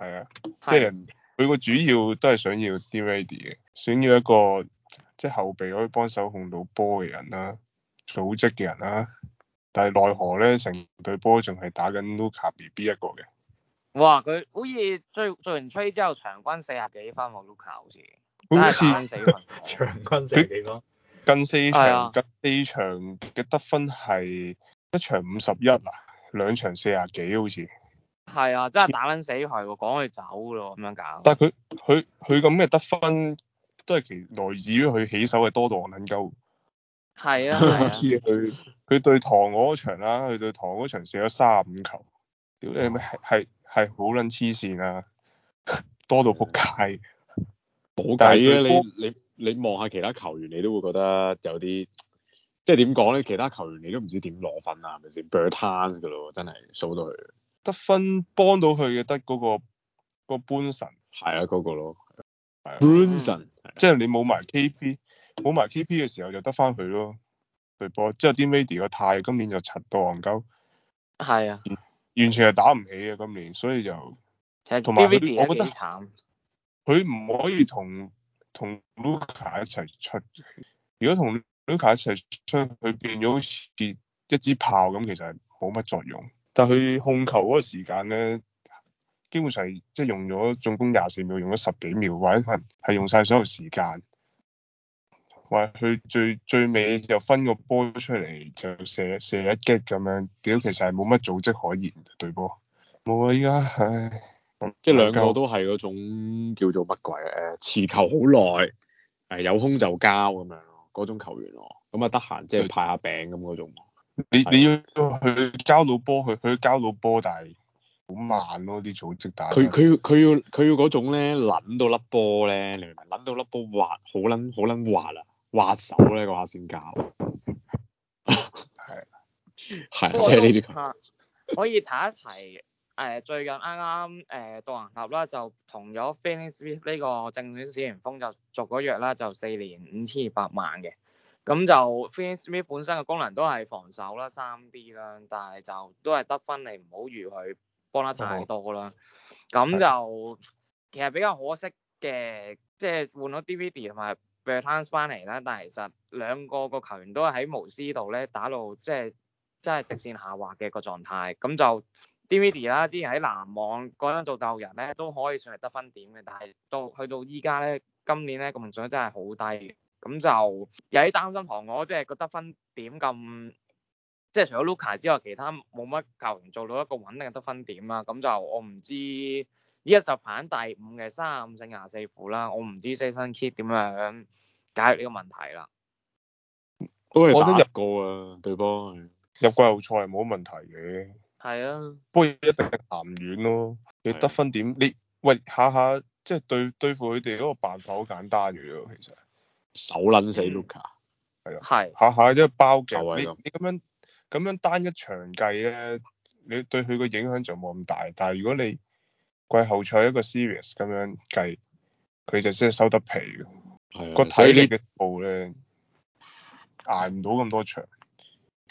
Speaker 2: 係啊，是即係佢個主要都係想要啲 ready 嘅，想要一個即係後備可以幫手控到波嘅人啦、啊，組織嘅人啦、啊。但係奈何咧，成隊波仲係打緊 Luka B B 一個嘅。
Speaker 3: 哇，佢好似做做完 trade 之後，場均四廿幾分，望 Luka 好似，
Speaker 2: 好似，撐死
Speaker 1: 場均四幾
Speaker 3: 多
Speaker 2: 近四場的近四場嘅得分係一場五十一啊，兩場四廿幾好似。
Speaker 3: 係啊，真係打撚死佢喎，趕佢走咯咁樣搞。
Speaker 2: 但係佢佢佢咁嘅得分都係其來自於佢起手嘅多度撚鳩。
Speaker 3: 係
Speaker 2: 啊，佢佢、啊、 對唐我嗰場啦，佢對唐我嗰場射咗卅五球，屌你咪係，係好撚黐線啊！多到撲街。
Speaker 4: 冇計、嗯、啊！你你你望下其他球員，你都會覺得有啲即係點講咧？其他球員你都唔知點攞分啊？係咪先 b a l 咯，真係數到佢。
Speaker 2: 得分幫到佢嘅得嗰個、嗰個 Brunson 係啊嗰、嗰個咯
Speaker 4: Brunson
Speaker 2: 即係你冇埋 KP，冇埋 KP 嘅時候就得翻佢咯，對波之後啲 Vidi 個太今年就柒到憨鳩，係啊，完全係打唔起啊今年，所以就同埋我覺得佢唔可以同同 Luka 一齊出，如果同 Luka 一齊出，去變咗好似一支炮咁，其實係冇乜作用。但佢控球嗰個時間咧，基本上係即係用咗總共廿四秒，用咗十幾秒，或者係係用晒所有時間，話佢最最尾就分個波出嚟，就射射一擊咁樣，屌其實係冇乜組織可言嘅對波。冇啊，依家唉，
Speaker 4: 即係兩個都係嗰種叫做乜鬼誒，持球好耐，誒有空就交咁樣咯，嗰種球員咯，咁啊得閒即係派下餅咁嗰種。你你要去交到波，佢佢交到波
Speaker 2: 但、啊，但係好慢咯啲組織打。佢佢
Speaker 4: 要佢要佢要嗰種咧，撚到粒波咧，你明唔明？撚到粒波滑，好撚好撚滑啊，滑手咧個下先搞。
Speaker 3: 係，係即係呢啲可以提一提誒，最近啱啱誒獨行俠啦，呃、就同咗 Finney-Smith 呢個正選小前鋒就續咗約啦，就四年五千二百萬嘅。咁就 Finney-Smith 本身嘅功能都係防守啦，三 D 啦，但係就都係得分嚟，唔好預佢幫得太多啦。
Speaker 1: 咁、哦、就
Speaker 3: 的其實比較可惜嘅，即、就、係、是、換咗 DVD 同埋 Bertans 返嚟啦。但係其實兩個個球員都喺巫師度咧打到即係即係直線下滑嘅個狀態。咁就 DVD 啦， DVD，之前喺籃網嗰陣做鬥人咧都可以算係得分點嘅，但係到去到依家咧，今年咧個命中率真係好低。咁就有啲擔心韓我，即係個得分點咁，即、就、係、是、除咗 Luka 之外，其他冇乜球員做到一個穩定嘅得分點啦。咁、嗯、就我唔知依一集排喺第五嘅三五勝廿四負啦。我唔知 Jason Kidd 點樣解決呢個問題啦。
Speaker 1: 都
Speaker 2: 係入過啊，對波入季後賽係冇乜問題嘅。
Speaker 3: 係啊。
Speaker 2: 不過一定鹹軟咯，你得分點你喂下下即係、就是、對對付佢哋嗰個辦法好簡單嘅啫，其實。
Speaker 4: 手捻死 Luca，
Speaker 2: 係啊，係下下一個包嘅，你你咁樣咁樣單一場計咧，你對佢個影響就冇咁大。但係如果你季後賽一個 series 咁樣計，佢就先收得皮嘅。係個體力嘅部咧，挨唔到
Speaker 4: 咁多場。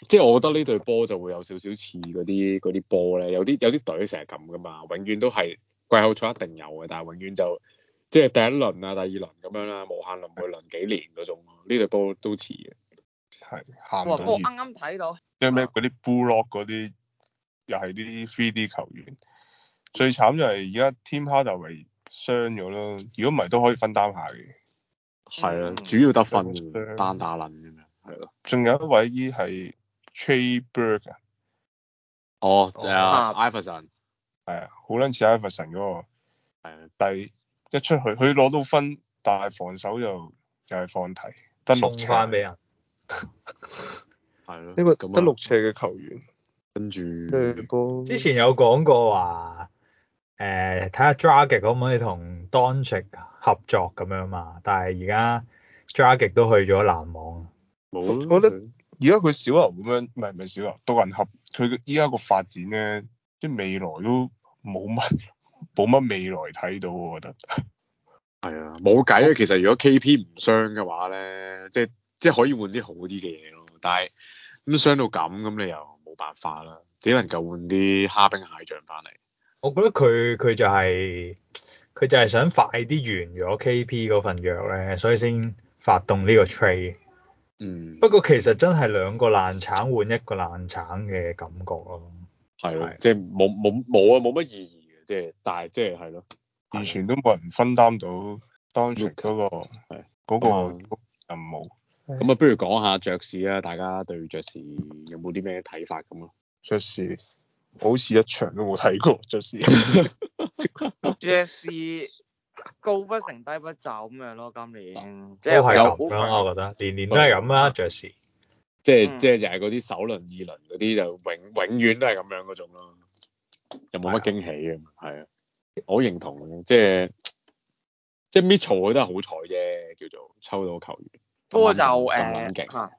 Speaker 4: 即係我覺得呢隊波就會有少少似嗰啲啲波咧，有啲有啲隊成日咁噶嘛永遠都係季後賽一定有嘅，但係永遠就。即係第一輪啊，第二輪咁樣啦、啊，無限輪去輪幾年嗰種咯，呢度都都似嘅。係。
Speaker 3: 啱啱睇到。
Speaker 4: 即係咩嗰啲布洛克嗰啲，又係啲 three D
Speaker 2: 球員。最慘就係而家 Tim Hardaway 傷咗咯，如果唔係都可以分擔下嘅。係啊，主要得分，cause, 單打輪咁樣，係咯。仲持人持人持人有一位依係 Trey Burke
Speaker 4: 啊。哦，對啊，艾弗森。
Speaker 2: 係啊，好撚似艾弗森嗰個。係啊，低。一出去，佢攞到分，但係防守又又係放題，得六尺，送翻俾人，
Speaker 1: 係咯，呢個得六尺嘅球員，跟住後，之前有講過話，誒、呃、睇下 Dragic 可唔可以同 Doncic 合作咁樣嘛？但係而家 Dragic 都去咗籃網，
Speaker 2: 冇了我覺得而家佢小牛咁樣，唔係唔係小牛，多人合佢依家個發展咧，即係
Speaker 4: 未來都冇乜。冇乜未來睇到，我覺得係 啊，冇計啊。其實如果 K P 唔傷嘅話咧，即係即係可以換啲好啲嘅嘢咯。但係咁傷到咁，咁你又冇辦法啦，只能夠換啲蝦兵蟹將翻嚟。
Speaker 1: 我覺得佢佢就係、是、佢就係想快啲完咗 K P 嗰份約咧，所以先發動呢個 trade。嗯。不過其實真係兩個爛橙換一個爛橙嘅感覺咯。係咯，
Speaker 4: 即係
Speaker 2: 冇
Speaker 1: 冇冇啊，冇乜、啊啊、意義。即係，但係即係係咯。
Speaker 2: 完全都冇人分擔到
Speaker 4: 當場嗰、嗰個任務。咁啊的，的不如講下爵士啦，大家對爵士有冇啲咩睇法咁咯？爵士，我好似一場都
Speaker 1: 冇睇過爵士。
Speaker 3: 爵 士高不成低不就咁樣咯，今年即
Speaker 1: 係咁樣。嗯、我覺得、嗯、年年都係咁啊，爵士。
Speaker 4: 即係即係就係嗰啲首輪、二輪嗰啲就永永遠都係咁樣嗰種咯。又冇乜驚喜嘅，係啊，我認同即係即係 Mitchell 佢都係好彩啫，叫做抽到球員。
Speaker 3: 不過就誒吓，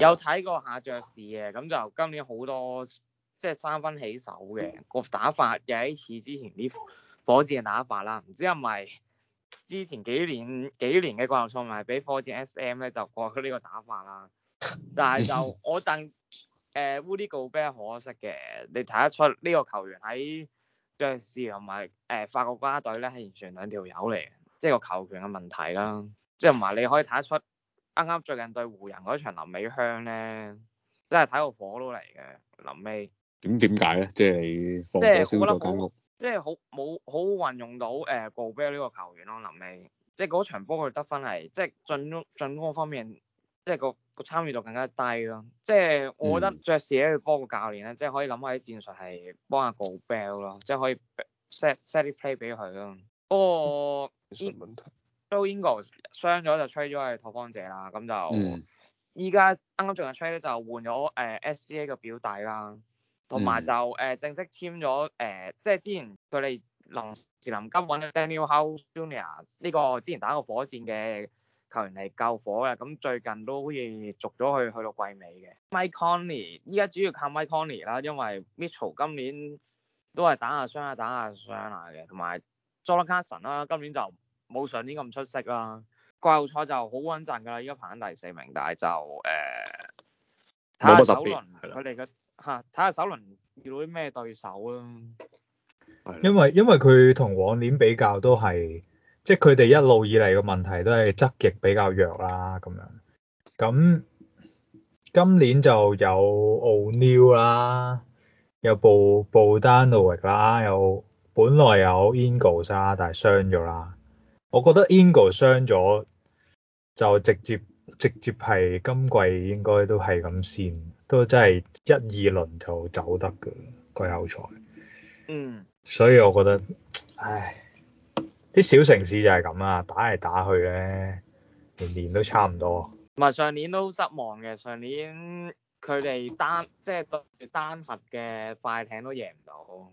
Speaker 3: 有睇過下爵士嘅，咁就今年好多即係三分起手嘅個打法，又係似之前啲火箭嘅打法啦。唔知係咪之前幾年幾年嘅季後賽咪俾火箭 SM 咧就過咗呢個打法啦？但係就我等。 誒，烏利告啤可惜嘅，你睇得出呢個球員喺爵士同埋誒法國國家隊咧係完全兩條友嚟嘅，即係個球權嘅問題啦。即係同埋你可以睇得出啱啱最近對湖人嗰場林美香咧，即係睇個火爐嚟嘅林美。
Speaker 4: 點點解咧？即係放火燒咗間屋。即
Speaker 3: 係好冇好運用到誒告啤呢個球員咯、啊，林美。即係嗰場波佢得分係，即係進攻進攻方面，即係個。個參與度更加低咯，即係我覺得爵士咧幫個教練咧，嗯、即係可以諗下啲戰術係幫下個 Gobert 咯，即係可以 set set 啲 play 俾佢咯。不過，Joe Ingles 傷咗就 trade 咗去拓荒者啦，咁就依家啱啱仲有 trade 就換咗誒 SGA 嘅表弟啦，同埋就誒正式簽咗誒、嗯呃，即係之前佢哋臨時臨急揾 Danuel House Junior 呢個之前打過火箭嘅。球員嚟救火嘅，咁最近都好似續咗去去到季尾嘅。Mike Conley 依家主要靠 Mike Conley 啦，因為 Mitchell 今年都係打下傷啊，打下傷啊嘅，同埋 Jordan Clarkson 啦，今年就冇上年咁出色啦。季後賽就好穩陣㗎啦，依家排緊第四名，但係就誒睇下首輪佢哋嘅嚇，睇下首輪遇到啲咩對手啊。
Speaker 1: 因為因為佢同往年比較都係。即係佢哋一路以嚟個問題都係側翼比較弱啦咁樣，咁今年就有 O'Neill 啦，有布布丹諾維克啦，有本來有 Engel 啦，但係傷咗啦。我覺得 Engel 傷咗就直接直接係今季應該都係咁先，都真係一二輪就走得㗎季後賽。嗯，
Speaker 3: 所以我覺得，唉。
Speaker 1: 啲小城市就係咁啦，打嚟打去咧，年年都差唔多。
Speaker 3: 唔係上年都失望嘅，上年佢哋單即係、對住、單核嘅快艇都贏唔到，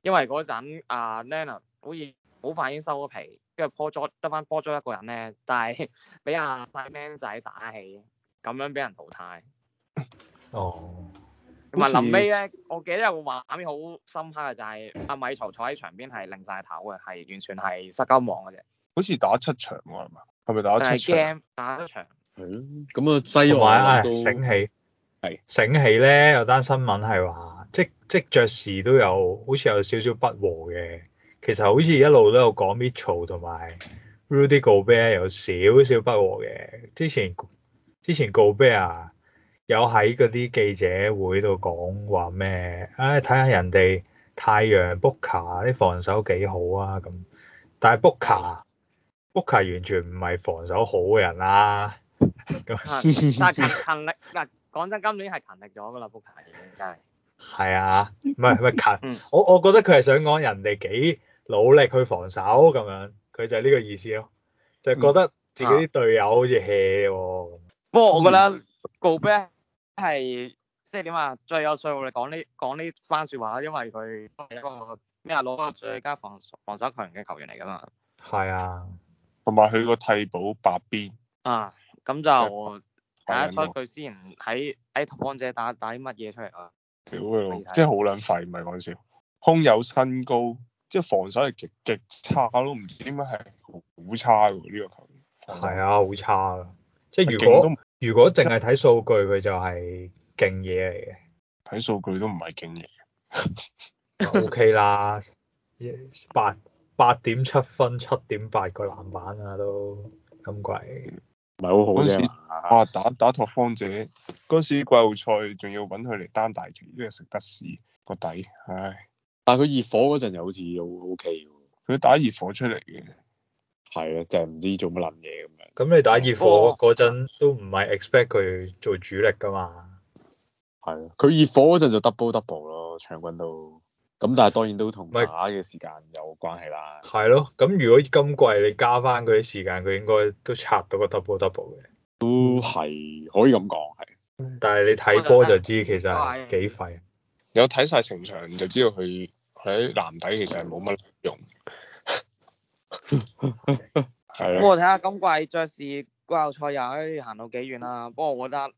Speaker 3: 因為嗰陣阿 Leonard 好似好快已經收咗皮，跟住波咗得翻波咗一個人咧，但係俾阿細 Man 仔打起，咁樣俾人淘汰。哦。同埋臨尾咧，我記得有個畫面好深刻嘅，就係、是、阿米曹坐喺場邊係擰晒頭嘅，係完全係失交望嘅啫。好似打
Speaker 2: 七
Speaker 1: 場喎、啊，係咪？係咪打七場？Game, 打七場。係咯、嗯。咁有啊，西岸都醒起，係醒起咧。有單新聞係話，即即爵士都有好似有少少不和嘅。其實好似一路都有講米曹同埋 Rudy Gobert 有少少不和嘅。之前之前 Gobert 啊。有喺嗰啲記者會度講話咩？唉、哎，睇下人哋太陽 Booker 啲防守幾好啊咁。但係 Book、er, Booker，Booker 完全唔係防守好嘅人啦、啊。 但係勤
Speaker 3: 力，嗱講真，今年係勤力咗噶啦，Booker 已經真係。係啊，
Speaker 1: 唔係唔係勤。 我我覺得佢係想講人哋幾努力去防守咁樣，佢就係呢個意思咯。就係、覺得自己啲隊友好似 hea 喎咁。不過、嗯啊、我覺得告 o
Speaker 3: 係即係點啊？最有說我哋講呢講呢番說話，因為佢係一個咩啊攞個最佳防防守強球員嘅球員嚟噶
Speaker 1: 嘛。係啊，
Speaker 2: 同埋佢個替補白邊
Speaker 3: 啊，咁就第一看先，所以佢之前喺喺拓荒者打打啲乜嘢出嚟
Speaker 2: 啊？屌佢即真係好撚廢，唔係講笑，空有身高，即係防守係極極差咯，唔知點解係好差噶
Speaker 1: 喎呢個球員。係啊，好、啊啊啊、差噶，即係如果。如果淨係睇數據，佢就係勁嘢嚟嘅。睇數據都唔係勁嘢。O K 啦，八八點七分，七點八個籃板啊，都咁貴，
Speaker 4: 唔係好好嘅。打
Speaker 1: 打拓荒者
Speaker 2: 嗰時季後賽仲要揾佢嚟擔大旗，因為食得屎個底，唉！但
Speaker 4: 係佢熱火嗰陣又好似好 O K 喎，佢打熱火出嚟嘅。係啊，就係、是、唔知做乜捻嘢咁樣。
Speaker 1: 咁、嗯、你打熱火嗰陣、嗯、都唔係 expect 佢做主力噶嘛？係啊，佢
Speaker 4: 熱火嗰陣就 double
Speaker 1: double 咯，場均都。
Speaker 4: 咁但係
Speaker 1: 當然都同打嘅時間有關係啦。係咯、啊，咁如果今季你加翻佢啲時間，佢應該都拆到個 double double 嘅。都係可以咁講，係。但係你睇波就知，其實係幾廢。啊、有睇晒成場就知道佢，
Speaker 2: 佢喺籃底其實係冇乜用。不 我睇
Speaker 3: 下今季爵士季後賽又可以行到幾遠啦、啊。不過我覺得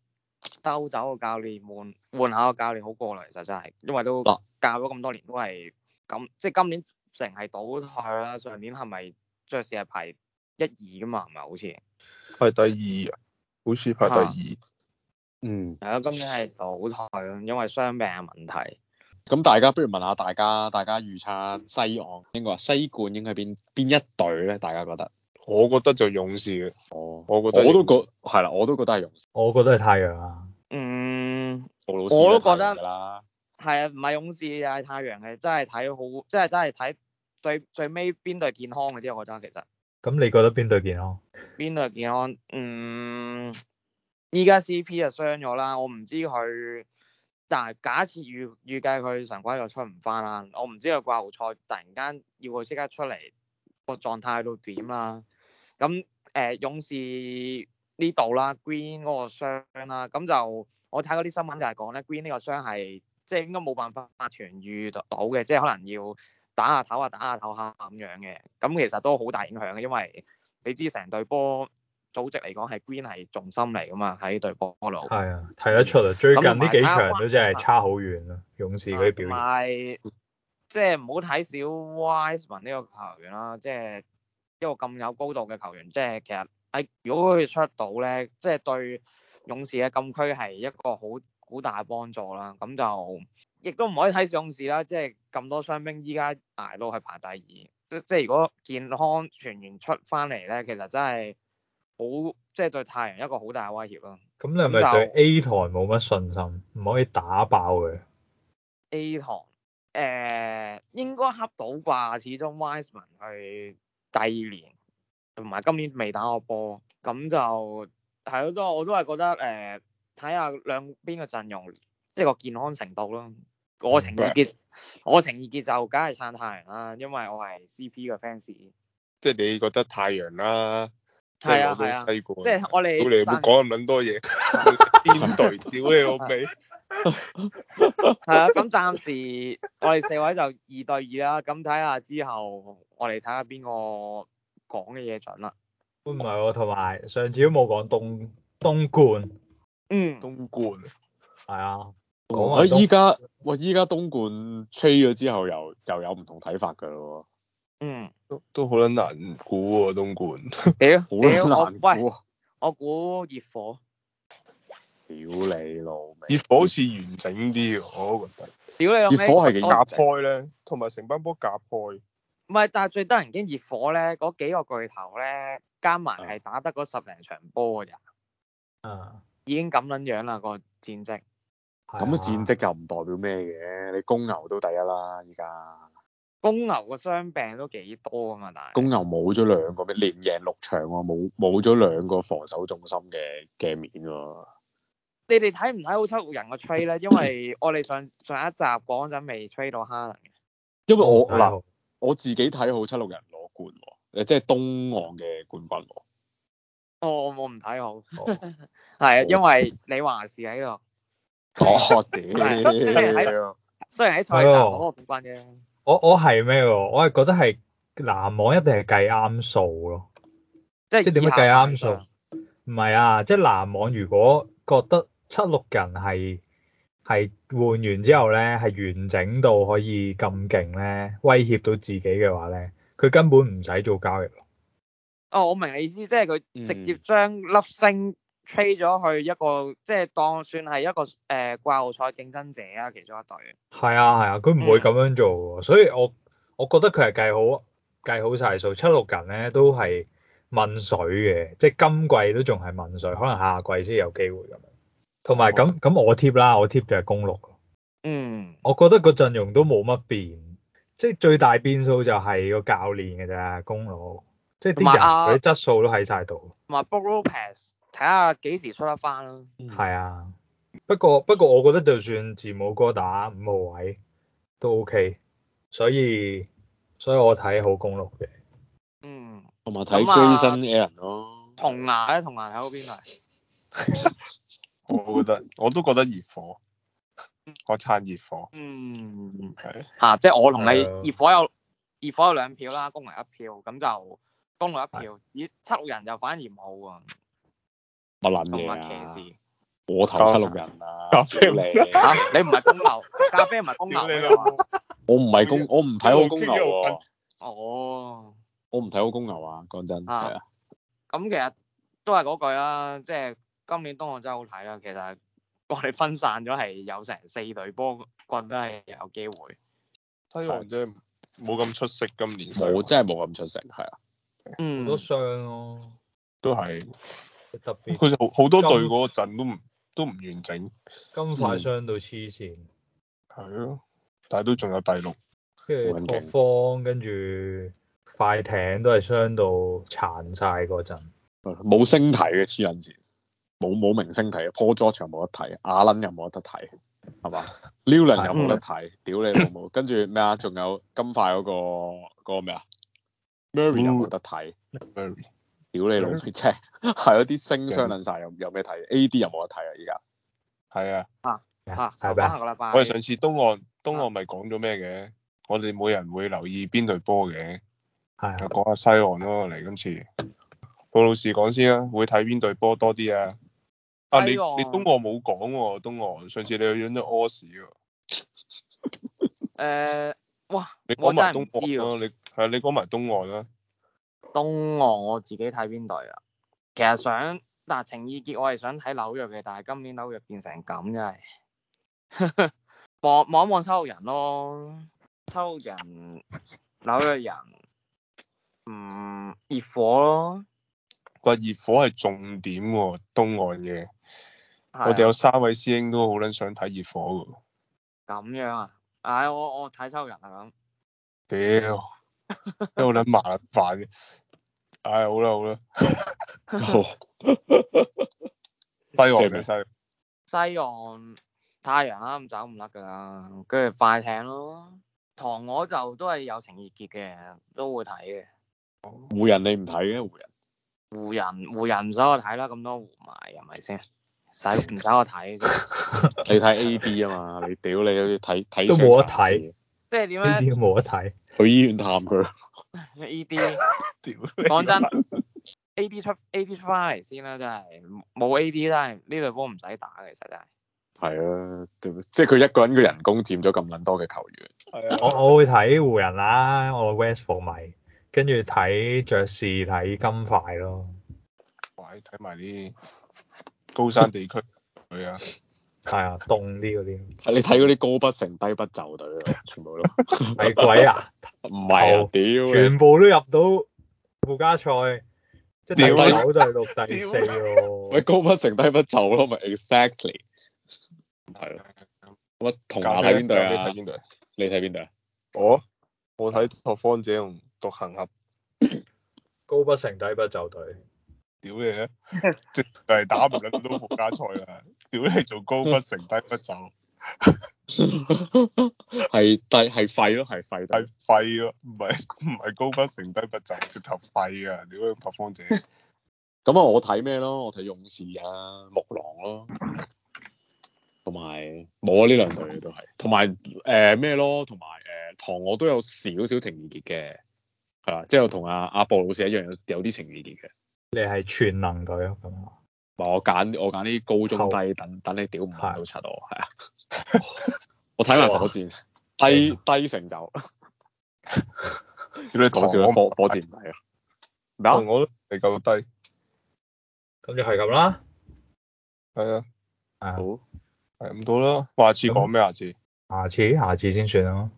Speaker 3: 兜走個教練，換換下個教練好過啦。其實真係，因為都教咗咁多年，都係咁。即係今年成係倒退啦。上年係咪爵士係排一二噶嘛？唔係，好
Speaker 2: 似係第二，好似排第二。第二啊、
Speaker 3: 嗯，係啊、嗯，嗯、今年係倒退啊，因為傷病嘅問題。咁大家不如問下大家，
Speaker 4: 大家預測西岸應該話西冠應該係邊邊一隊咧？大家覺得？我覺得就勇士嘅。哦，oh, 我覺得我都覺係啦，我都覺得係勇
Speaker 1: 士。我覺得係太陽啊。嗯，我都覺得啦。
Speaker 3: 係啊，唔係勇士又係太陽嘅，真係睇好，真係真係睇最最尾邊隊健康嘅啫。我覺得其實。
Speaker 1: 咁你覺得邊隊健康？
Speaker 3: 邊隊健康？嗯，依家 CP 就傷咗啦，我唔知佢。但係假設預預計佢常規又出唔翻啦，我唔知個季後賽突然間要佢即刻出嚟，個狀態到點、呃、啦？咁誒勇士呢度啦，Green 嗰個傷啦，咁就我睇嗰啲新聞就係講咧，Green 呢個傷係即係應該冇辦法痊癒到嘅，即、就、係、是、可能要打下唞下，打下唞下咁樣嘅。咁其實都好大影響嘅，因為你知成隊波。組織嚟講係 Green 係重心嚟㗎嘛，喺隊波路。係啊，
Speaker 1: 睇得出啊，嗯、最近呢幾場都真係差好遠啊。嗯、勇士嗰啲表現。
Speaker 3: 即係唔好睇小 Wiseman 呢個球員啦，即、就、係、是、一個咁有高度嘅球員，即、就、係、是、其實係如果佢出到咧，即、就、係、是、對勇士嘅禁區係一個好好大嘅幫助啦。咁就亦都唔可以睇小勇士啦，即係咁多傷兵依家挨到係排第二。即即係如果健康全員出翻嚟咧，其實真係。好，即係對太陽一個好大嘅威脅咯。
Speaker 1: 咁你係咪對 A 台冇乜信心，唔就可以打爆佢
Speaker 3: ？A 台，誒、呃，應該恰到啩，始終 Wiseman 係第二年，同埋今年未打過波，咁就係咯。都我都係覺得，誒、呃，睇下兩邊嘅陣容，即、就、係、是、個健康程度咯。我情意結，嗯、我情意結就梗係撐太陽啦，因為我係 CP 嘅 fans。即
Speaker 2: 係你覺得太陽啦、啊。
Speaker 3: 係啊，即係我哋西冠，即係我哋冇嚟冇講
Speaker 2: 咁多嘢，邊隊屌你個尾？
Speaker 3: 係啊，咁暫時我哋四位就二對二啦，咁睇下之後我哋睇下邊個講嘅嘢準啦。
Speaker 1: 都唔係喎，同埋上次都冇講東東冠，
Speaker 3: 嗯，東冠。
Speaker 1: 係
Speaker 4: 啊，依家喂依家東冠吹咗之後，又又有唔同睇法噶咯喎。嗯，都都好捻難估喎、啊，東莞。
Speaker 2: 屌、 啊，好
Speaker 3: 難估。我估熱火。
Speaker 2: 屌你老味。熱火好似完整啲嘅，我都覺得。
Speaker 3: 屌你老味。熱火係幾夾開咧，同埋成班波夾開。唔係，但係最得人驚熱火咧，嗰幾個巨頭咧，加埋係打得嗰十零場波嘅咋。嗯、啊。已經咁捻樣啦，個戰績。咁嘅、啊、戰績又唔代表咩嘅？你公牛都第一啦，而家。公牛嘅傷病都幾多啊嘛，但係
Speaker 4: 公牛冇咗兩個咩？連贏六場喎，冇冇咗兩個防守中心嘅嘅面喎、啊。
Speaker 3: 你哋睇唔睇好七六人個吹 r 咧？因為我哋上 上一集講嗰未吹到哈登嘅。
Speaker 4: 因為我嗱 我自己睇好七六人攞冠喎、啊，即係東岸嘅冠軍喎、
Speaker 3: 啊。哦，我唔睇好，
Speaker 4: 係啊，因為
Speaker 3: 你話事喺
Speaker 1: 度。我點？雖然
Speaker 3: 喺然喺賽季打唔冠軍啫。
Speaker 1: 我我係咩？我係覺得係籃網一定係計啱數咯。
Speaker 3: 即係點樣計啱數？
Speaker 1: 唔係啊，即係籃網如果覺得七六人係係換完之後咧係完整到可以咁勁咧，威脅到自己嘅話咧，佢根本唔使做交易咯。
Speaker 3: 哦，我明你意思，即係佢直接將粒星。嗯吹咗去一個即係當算係一個誒季後賽競爭者啊其中一隊
Speaker 1: 係啊係啊佢唔會咁樣做，嗯、所以我我覺得佢係計好計好晒數，七六人咧都係掹水嘅，即係今季都仲係掹水，可能下季先有機會咁樣。同埋咁咁我 tip 啦，我 tip 就係公鹿。嗯，我覺得個陣容都冇乜變，即係最大變數就係個教練嘅咋公鹿，即係啲人嗰啲質素都喺晒度。同
Speaker 3: 埋 Brook Lopez。睇下幾時出得翻啦。
Speaker 1: 係、嗯、啊，不過不過我覺得就算字母哥打五號位都 OK，所以所以我睇好公鹿嘅。嗯，同埋睇基身嘅人咯。
Speaker 3: 銅牙咧，銅牙睇邊啊？邊
Speaker 1: 我覺得我
Speaker 3: 都覺得
Speaker 2: 熱火我撐熱火。
Speaker 3: 嗯，係的。
Speaker 2: 嚇、啊！即係我同你熱
Speaker 3: 火有熱火有兩票啦，公鹿一票，咁就公鹿一票，以的七六人就反而冇啊。乜卵嘢啊！
Speaker 4: 我投七六人啊！咖啡唔嚟啊，啊， 啊！你唔係公牛，
Speaker 3: 咖啡唔係公牛啊！
Speaker 4: 我唔係公，我唔睇好公牛
Speaker 3: 喎。哦。我
Speaker 4: 唔睇好公牛啊！講真係啊。
Speaker 3: 咁、哦啊、其實都係嗰句啦、啊，即、就、係、是、今年東岸真好睇啦、啊。其實我哋分散咗係有成四隊波棍都係有機會。西岸
Speaker 4: 即係冇咁出色，今年。冇，真係冇咁出色，係啊。嗯。好
Speaker 1: 多傷咯。
Speaker 2: 都係。佢就好好多隊嗰陣都唔都唔完整，
Speaker 1: 金塊傷到黐線，係咯，但係都仲有第六，跟住行托方，跟住快艇都係傷到殘晒嗰陣，
Speaker 4: 冇星體嘅黐輪戰，冇冇明星體，Paul George 冇得睇，Allen 又冇得睇，係嘛 Leonard 又冇得睇， 屌你老母，跟住咩啊？仲有金塊嗰、那個、那個咩啊 Murray 又冇得睇。 屌你老屎車，係、 嗯、啊！啲星傷撚晒，有有咩睇？A.D. 有冇得睇啊！依家係啊，嚇嚇、啊，下個禮拜。我哋上次東岸東岸咪講咗咩嘅？我哋
Speaker 2: 每人會留意邊隊波嘅，係啊、哎呀，講下西岸咯、啊。嚟今次，布魯士講先啦、啊，會睇邊隊波多啲啊？啊，哎、呦你你東岸冇講喎，東岸上次你去飲咗屙屎喎。哇，你
Speaker 3: 講埋東岸啦、啊，你係啊，你講埋東岸啦。啊東岸我自己睇邊隊啊？其實想嗱，情意結我係想睇紐約嘅，但係今年紐約變成咁真係，望望一望76人咯，76人，紐約人，嗯，熱火
Speaker 2: 咯。喂，熱火係重點喎、啊，東岸
Speaker 3: 嘅，啊、我哋有
Speaker 2: 三位師兄都好捻想睇熱火噶。
Speaker 3: 咁樣啊？唉、哎，我我睇76人啊咁。
Speaker 2: 屌，都好捻麻煩嘅。 唉、哎，好啦好
Speaker 3: 啦，低我哋西岸，太陽啱、啊、走唔甩㗎，跟住快艇咯，唐我就都係有情意結嘅，都會睇嘅。湖人你唔睇嘅，湖人，湖人湖人唔使我睇啦，咁多湖迷係咪先？使唔使我睇？ 你睇 A B 啊嘛，你屌你睇睇成日睇。即係點樣？呢啲都冇
Speaker 1: 得睇，去
Speaker 4: 醫院探佢咯。
Speaker 3: A D，講真，A D 出 A D 出翻嚟先啦，真係冇 A D 啦，呢隊波唔使打，其實真
Speaker 4: 係。係啊，即係佢一個人嘅人工佔咗咁捻多嘅球員。係
Speaker 1: 啊， 我我會睇湖人啦，我 West 服迷，跟住睇爵士睇金塊咯。喂， 睇埋啲高山地區，係啊。
Speaker 4: 係啊，凍啲嗰啲，你睇嗰啲高不成低不就隊啊，全部都係 鬼啊！唔係屌，全
Speaker 1: 部都入到附加賽，嗯、即係第九對、嗯、第四咯、
Speaker 4: 啊。喂， 高不成低不就咯，咪 exactly 係咯。咁啊，就是 exactly、 同
Speaker 2: 下睇邊隊
Speaker 1: 啊？
Speaker 4: 你睇邊隊啊？我
Speaker 2: 我睇拓荒者同獨行俠
Speaker 1: 高不成低不就隊，
Speaker 2: 屌 嘢， 即係打唔撚到附加賽啊！屌你做高不成低不就，係低係廢咯，係廢，係廢咯，唔係唔係高不成低不就，直頭廢啊！你嗰個白方姐，
Speaker 4: 咁啊， 我睇咩咯？我睇勇士啊，木狼、啊呃、咯，同埋冇啊，呢兩隊都係，同埋誒咩咯？同埋誒唐我都有少少情意結嘅，係啦，即係我同阿阿博老師一樣有啲情意結嘅。
Speaker 1: 你係全能隊啊？咁
Speaker 4: 我揀我揀啲高中低等等，你屌五屌七，我係啊， 我睇埋火箭低低成就，點 你講笑？火火箭唔係啊，咩我咯係夠低，
Speaker 1: 咁就係咁啦，係啊，
Speaker 2: 好係咁到啦，下次講咩？下次
Speaker 1: 下次下次先算咯，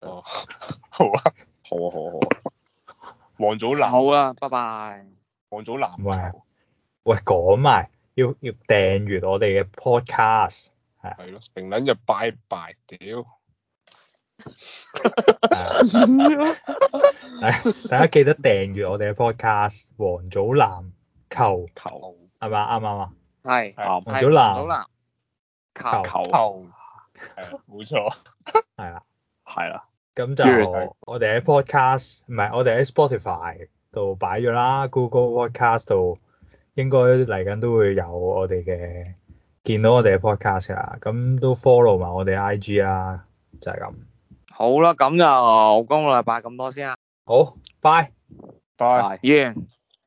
Speaker 1: 哦、啊，好啊，好啊，好
Speaker 2: 啊，王祖藍好啊，拜拜，啊、拜
Speaker 1: 拜王祖藍。 喂，講埋要要訂閱我哋嘅 podcast 係係咯，成捻嘢，拜拜屌，大家記得訂閱我哋嘅 podcast，王祖藍球球係嘛，啱唔啱啊？係王是祖藍祖藍球球係啊，冇錯求，係啊， 係啦，咁就我哋喺 podcast 唔係我哋喺 Spotify 度擺咗啦，Google Podcast 度。應該嚟緊都會有我哋嘅見到我哋嘅 podcast 啊，咁都 follow 埋我哋 IG 啦，就係咁。
Speaker 3: 好啦，咁就今個禮拜咁多先啦。
Speaker 1: 好，拜拜，拜拜。